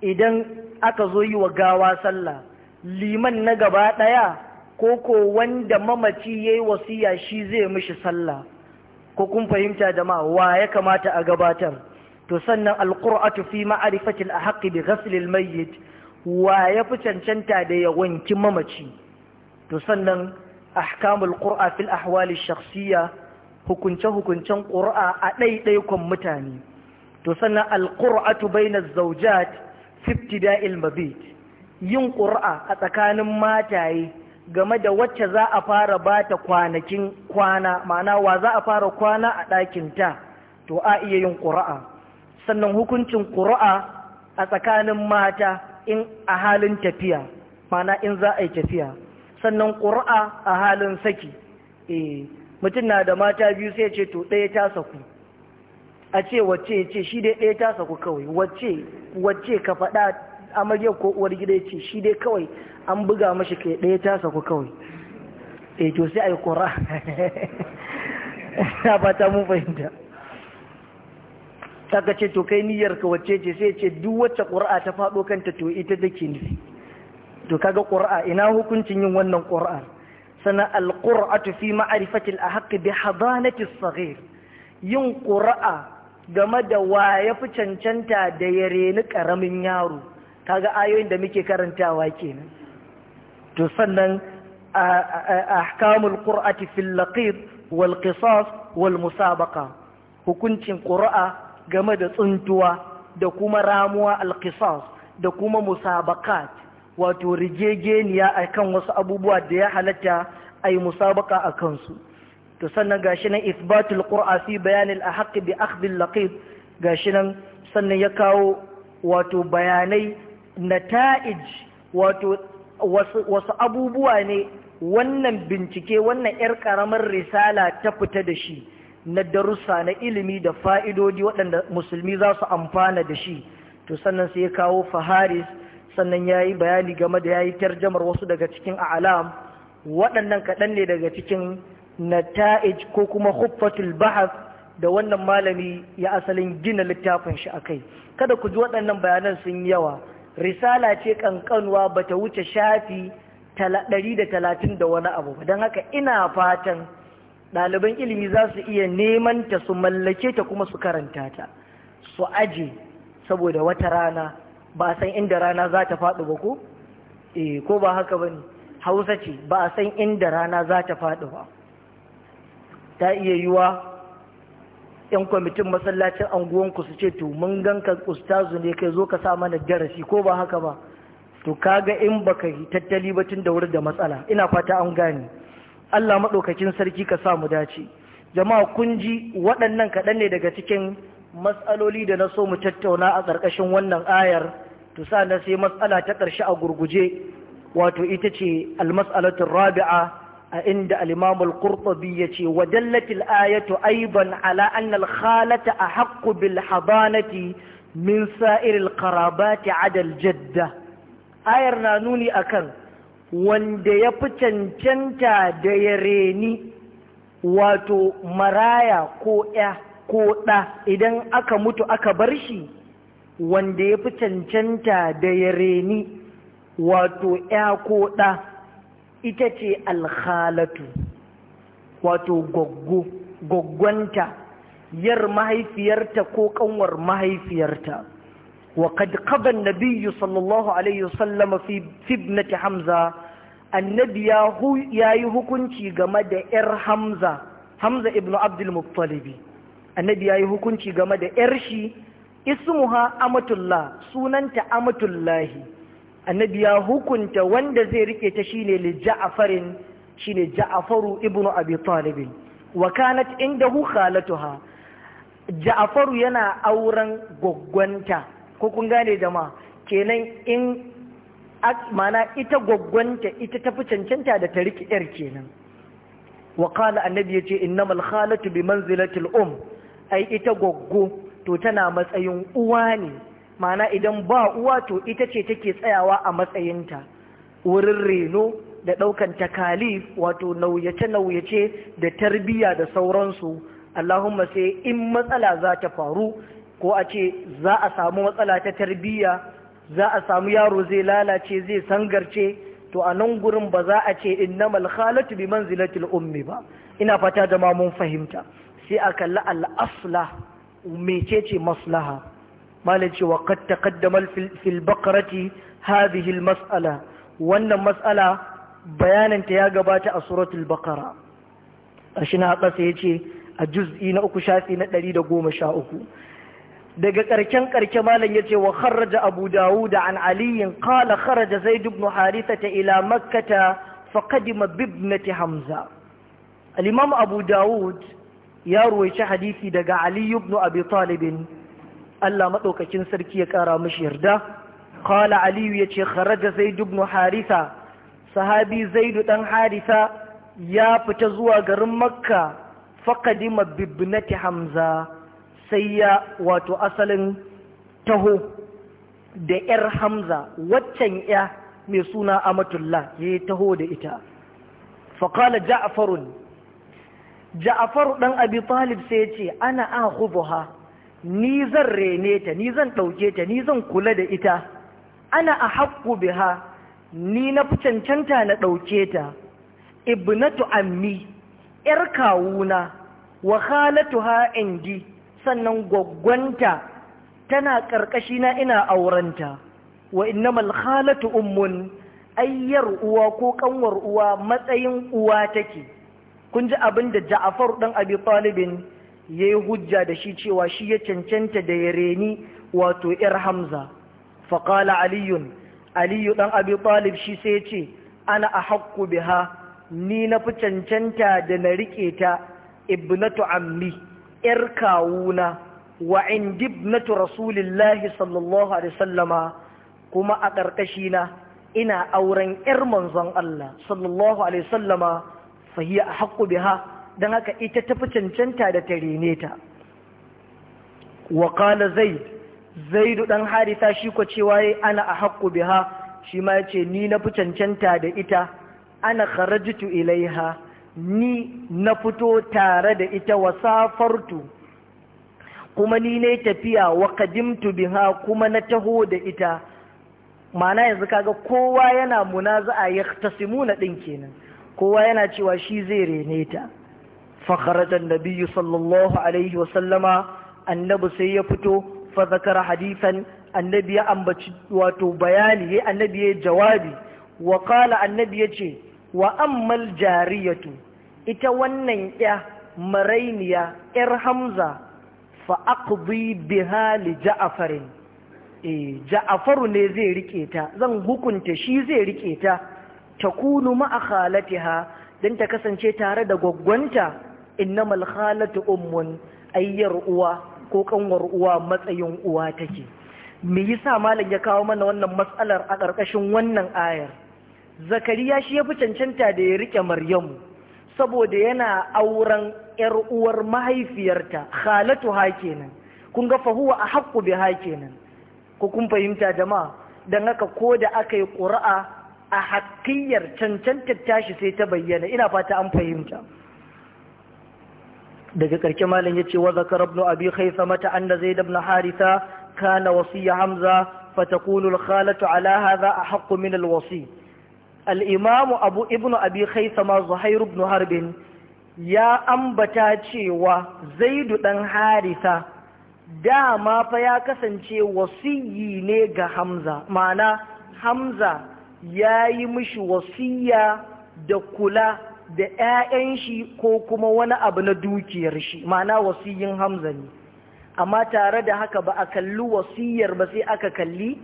idan aka zo yi wa gawa sallah liman na gaba ɗaya ko ko wanda mamaci yayi wasiya shi zai mishi sallah ko kun fahimta jama'a wa ya kamata a gabatar to sannan alqur'atu fi ma'rifati al bi ghasl al-mayyit wa ya fi cancanta da ya wanki mamaci to sannan ahkamul qur'a fil ahwali shakhsiyya hukunce-hukuncen ƙura'a a ɗaiɗaikon mutane to sannan alƙura'atu bai na zaujat 50 da ilmabit yin ƙura'a a tsakanin mataye game da wacce za a fara ba ta kwanakin kwana ma'ana wa za a fara kwana a ɗakinta to a iya yin ƙura'a sannan hukuncin ƙura'a a tsakanin mata in a halin tafiya ma'ana in za a yi tafiya sannan ƙura'a a halin saki e mutum na da mata biyu sai ce to ɗaya ta saku a ce wacce ya ce shi dai ɗaya ta saku kawai wacce wacce ka faɗa amarya ko uwar gida ce shi dai kawai an buga mashi ke ɗaya ta saku kawai e to sai a yi ƙura ba ta mun fahimta ta ce to kai niyyar ka wacce ce sai ce duk wacce ƙura ta faɗo kanta to ita take nufi to kaga ƙura ina hukuncin yin wannan ƙura sana ta fi ma'arifatil a haka bi hadanatis sahir yin ƙura game da wa ya fi cancanta da ya reni ƙaramin yaro kaga ayoyin da muke karantawa kenan to sannan ahkamul qur'ati fil laqid wal qisas wal musabaqa hukuncin qur'a game da tsuntuwa da kuma ramuwa al qisas da kuma musabaqat wato rigegeniya akan wasu abubuwa da ya halatta ay musabaqa akan su to sannan gashi nan isbatul qur'a fi bayan al ahq bi akhdh al laqid gashi nan sannan ya kawo wato bayanai nata'ij wato wasu abubuwa ne wannan bincike wannan 'yar karamar risala ta fita da shi na darussa na ilimi da fa'idodi waɗanda musulmi za su amfana da shi to sannan sai ya kawo faharis sannan ya yi bayani game da ya yi tarjamar wasu daga cikin alam waɗannan kaɗan ne daga cikin nata'ij ko kuma huffatul bahas da wannan malami ya asalin gina littafin shi a kai kada ku ji waɗannan bayanan sun yawa risala ce ba bata wuce shafi ɗari da talatin da wani abu don haka ina fatan ɗaliban ilimi za su iya neman ta su mallake ta kuma su karanta ta su aji saboda wata rana ba san inda rana za ta faɗi ba ko? eh ko ba haka ba ne hausa ce ba san inda rana za ta faɗi ba ta iya yiwa yan kwamitin masallacin anguwanku su ce to mun gan ka ustazu ne kai zo ka sa mana darasi ko ba haka ba to kaga in baka yi tattali ba tun da wuri da matsala ina fata an gane Allah madaukakin sarki ka sa mu dace jama'a kun ji waɗannan kaɗan ne daga cikin matsaloli da na so mu tattauna a ƙarƙashin wannan ayar to sa na sai matsala ta ƙarshe a gurguje wato ita ce almas'alatul rabi'a a inda alimamul ƙurtobi ya ce wa dallatil ayatu aiban ala annal khalata a haƙƙu bil habanati min sa'iril karabati adal jadda ayar na nuni akan wanda ya fi cancanta da yareni, wato maraya ko ya ko ɗa idan aka mutu aka bar shi wanda ya fi cancanta da yareni, wato ya ko ɗa ita ce alhalatu wato goggo goggonta yar mahaifiyarta ko kanwar mahaifiyarta wa kad qaba an-nabiy sallallahu alaihi wasallam fi hamza annabi ya yayi hukunci game da yar hamza hamza ibn abd al-muttalib annabi yayi hukunci game da yar shi ismuha amatullah sunanta amatullahi annabi ya hukunta wanda zai rike ta shine li ja'farin shine ja'faru ibnu abi talib wa kanat indahu khalatuha ja'faru yana auren gwaggwanta ko kun gane jama'a kenan in mana ita gwaggwanta ita tafi cancanta da ta rike yar kenan wa qala annabi yace innamal khalatu bi manzilati al um ai ita goggo to tana matsayin uwa ne ma'ana idan ba uwa to ita ce take tsayawa a matsayinta wurin reno da ɗaukan takalif wato nauyace-nauyace da tarbiyya da sauransu Allahumma sai in matsala za ta faru ko a ce za a samu matsala ta tarbiyya za a samu yaro zai lalace zai sangarce to a nan gurin ba za a ce inna malhalatu bi zilatul ummi ba ina fata da ma mun fahimta sai a kalli al'asla mecece maslaha malin cewa kad taqaddama fil baqarati hadhihi al mas'ala wannan mas'ala bayanin ta ya gabata a suratul bakara, ashi na yace a juz'i na uku shafi na uku, daga ƙarke-ƙarke karke malam ce wa kharraja abu da an ali qala kharaja zaid harisa ta ila makkata faqadima bi hamza Alimam abu dawud ya ruwaici hadisi daga Aliyu ibn abi talibin. Allah maɗaukakin sarki ya ƙara mashi yarda Kala aliyu ya ce kharaja Zaidu ibn harisa sahabi zaidu ɗan harisa ya fita zuwa garin makka Faƙadima bibnati hamza sai ya wato asalin taho da ‘yar Hamza waccan ‘ya mai suna Amatullah ya yi taho da ita. Fakala Ja'afarun, Ja'afaru ɗan Abi Talib sai ce, Ana an ni zan rene ta ni zan ɗauke ta ni zan kula da ita ana a haƙƙu biha ni na fi cancanta na ɗauke ta ibnatu ammi ‘yar kawuna wahalatu, khalatuha indi sannan gwaggwanta tana ƙarƙashina ina aurenta wa innamal khalatu ummun ayyar uwa ko kanwar uwa matsayin uwa take kun ji abin da ja'afar ɗan abi talibin ya yi hujja da shi cewa shi ya cancanta da ya reni wato ‘yar Hamza, faƙala Aliyun, Aliyu ɗan Abi Talib shi sai ce, Ana a haƙƙu biha, ni na fi cancanta da na riƙe ta, ibnatu ammi, ‘yar kawuna, wa indi Rasulillahi sallallahu Alaihi sallama, kuma a ƙarƙashina ina auren ‘yar manzon Allah sallallahu Alaihi sallama, fahiya a haƙƙu biha, don haka ita tafi cancanta da ta rene ta wa zai zaid zaidu dan shi ko cewa ya ana a ahqqu biha shi ma ce ni na fi cancanta da ita ana kharajtu ilaiha ni na fito tare da ita wa safartu kuma ni nayi tafiya wa kadimtu biha kuma na taho da ita mana yanzu kaga kowa yana munaza'a ya na ɗin kenan kowa yana cewa shi zai rene ta Fakarar dandamiyu sallallahu alaihi wa sallama, Annabi sai ya fito faɗakar hadisan Annabi'a wato bayani. Yai Annabi'a jawabi Waqalu Annabi'a ce wa'amal jari ya to. Ita wannan 'ya Marainiya 'yar Hamza fa aqbibi hali ja afarin. Eh ja ne zai riƙe ta, zan hukunta shi zai riƙe ta. Ta kunu ma a kala ta kasance tare da gwaggon innamal khalatu ummun ayyar uwa ko kanwar uwa matsayin uwa take me yasa malam ya kawo mana wannan matsalar a ƙarƙashin wannan ayar zakariya shi ya fi cancanta da ya rike maryamu saboda yana auren yar uwar mahaifiyarta khalatu ha kenan kun ga fahuwa a haƙƙu bi ha kenan ko kun fahimta jama'a dan haka ko da aka yi ƙura'a a haƙƙiyar cancantar tashi sai ta bayyana ina fata an fahimta daga ƙarshe malam yace wa zakar ibn abi khaythama mata anna zaid ibn haritha kana wasiya hamza fatakunu al ala hadha ahqqu min wasi al-imam abu ibn abi khaythama zuhair ibn harbin ya ambata cewa zaidu dan harisa dama fa ya kasance wasiyi ne ga hamza ma'ana hamza ya yi mishi wasiya da kula da 'ya'yan shi ko kuma wani abu na dukiyar shi ma'ana wasiyin hamza ne amma tare da haka ba a kalli wasiyar ba sai aka kalli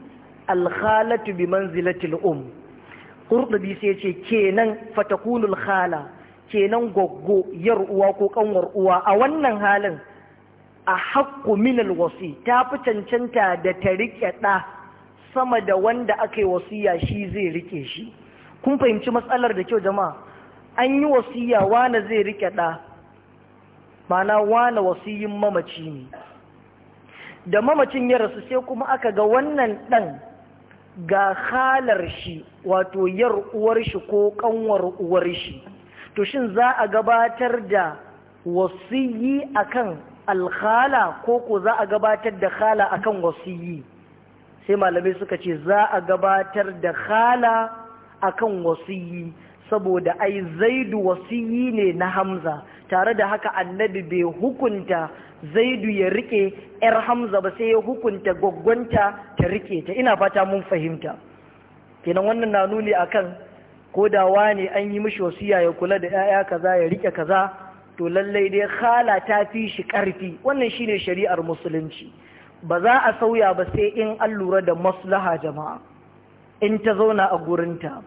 alkhalatu bi manzilatil um qurbi sai ce kenan fatakunul khala kenan goggo yar uwa ko kanwar uwa a wannan halin a haqqu minal wasi ta fi cancanta da ta rike da sama da wanda aka yi wasiya shi zai rike shi kun fahimci matsalar da kyau jama'a an yi wasiya wane zai rike ɗa mana wane wasiyin mamaci ne da mamacin ya rasu sai kuma aka ga wannan ɗan ga halar shi wato yar uwar shi ko ƙanwar uwar shi to shin za a gabatar da wasiyi akan alhala ko ko za a gabatar da hala akan wasiyi sai malamai suka ce za a gabatar da hala akan wasiyi saboda ai zaidu wasiyi ne na hamza tare da haka annabi bai hukunta zaidu ya rike yar hamza ba sai ya hukunta gwaggwanta ta rike ta ina fata mun fahimta kenan wannan na nuni akan ko da ne an yi mishi wasiya ya kula da 'ya'ya kaza ya rike kaza to lallai dai khala ta fi shi karfi wannan shine shari'ar musulunci ba za a sauya ba sai in an lura da maslaha jama'a in ta zauna a gurinta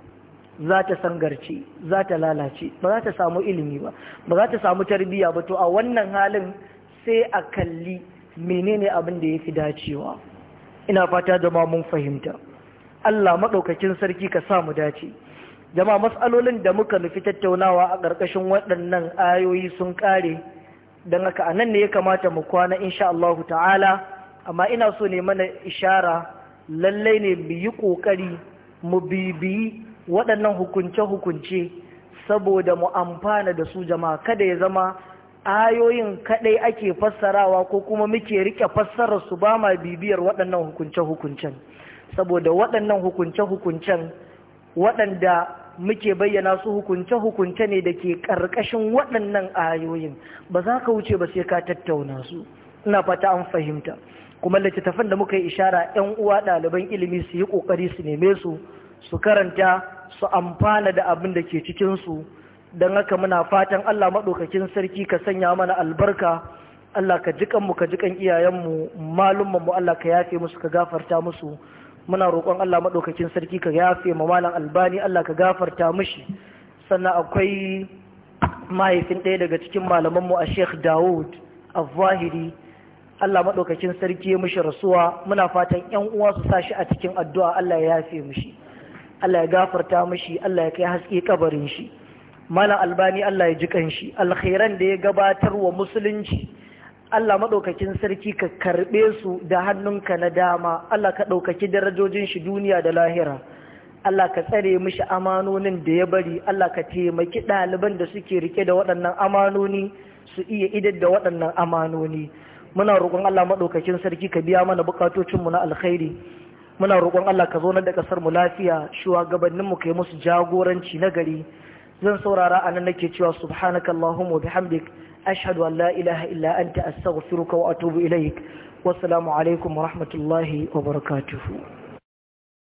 za ta sangarci za ta lalace ba za ta samu ilimi ba ba za ta samu tarbiyya ba to a wannan halin sai a kalli menene abin da ya fi dacewa ina fata jama mun fahimta Allah maɗaukakin sarki ka sa mu dace jama matsalolin da muka nufi tattaunawa a ƙarƙashin waɗannan ayoyi sun ƙare don haka a nan ne ya kamata mu kwana insha Allah ta'ala amma ina so ne mana ishara lallai ne mu yi ƙoƙari mu bibiyi waɗannan hukunce-hukunce saboda mu amfana da su jama'a kada ya zama ayoyin kaɗai ake fassarawa ko kuma muke rike fassarar su ba ma bibiyar waɗannan hukunce-hukuncen saboda waɗannan hukunce-hukuncen waɗanda muke bayyana su hukunce-hukunce ne da ke ƙarƙashin waɗannan ayoyin ba za ka wuce ba sai ka tattauna su ina fata an fahimta kuma littattafan da muka yi ishara 'yan uwa ɗaliban ilimi su yi ƙoƙari su neme su su karanta su amfana da abin da ke cikinsu don haka muna fatan Allah maɗaukakin sarki ka sanya mana albarka Allah ka jiƙanmu ka jiƙan iyayenmu malummanmu Allah ka yafe musu ka gafarta musu muna roƙon Allah maɗaukakin sarki ka yafe ma malam albani Allah ka gafarta mishi sannan akwai mahaifin ɗaya daga cikin malamanmu a sheikh dawud a zahiri Allah maɗaukakin sarki ya mishi rasuwa muna fatan 'yan uwa su sa shi a cikin addu'a Allah ya yafe mishi Allah ya gafarta mashi Allah ya kai haske kabarin shi malam albani Allah ya ji shi, alkhairan da ya gabatar wa musulunci Allah maɗaukakin sarki ka karɓe su da hannunka na dama Allah ka ɗaukaki darajojin shi duniya da lahira Allah ka tsare mishi amanonin da ya bari Allah ka taimaki ɗaliban da suke rike da waɗannan amanoni su iya idar da waɗannan amanoni muna roƙon Allah maɗaukakin sarki ka biya mana bukatocin mu na alkhairi muna roƙon Allah ka zauna da ƙasar mu lafiya shugabannin mu kai musu jagoranci na gari zan saurara anan nake cewa subhanaka allahumma bihamdik ashhadu an la ilaha illa anta astaghfiruka wa atubu ilaik wassalamu alaikum wa rahmatullahi wa barakatuhu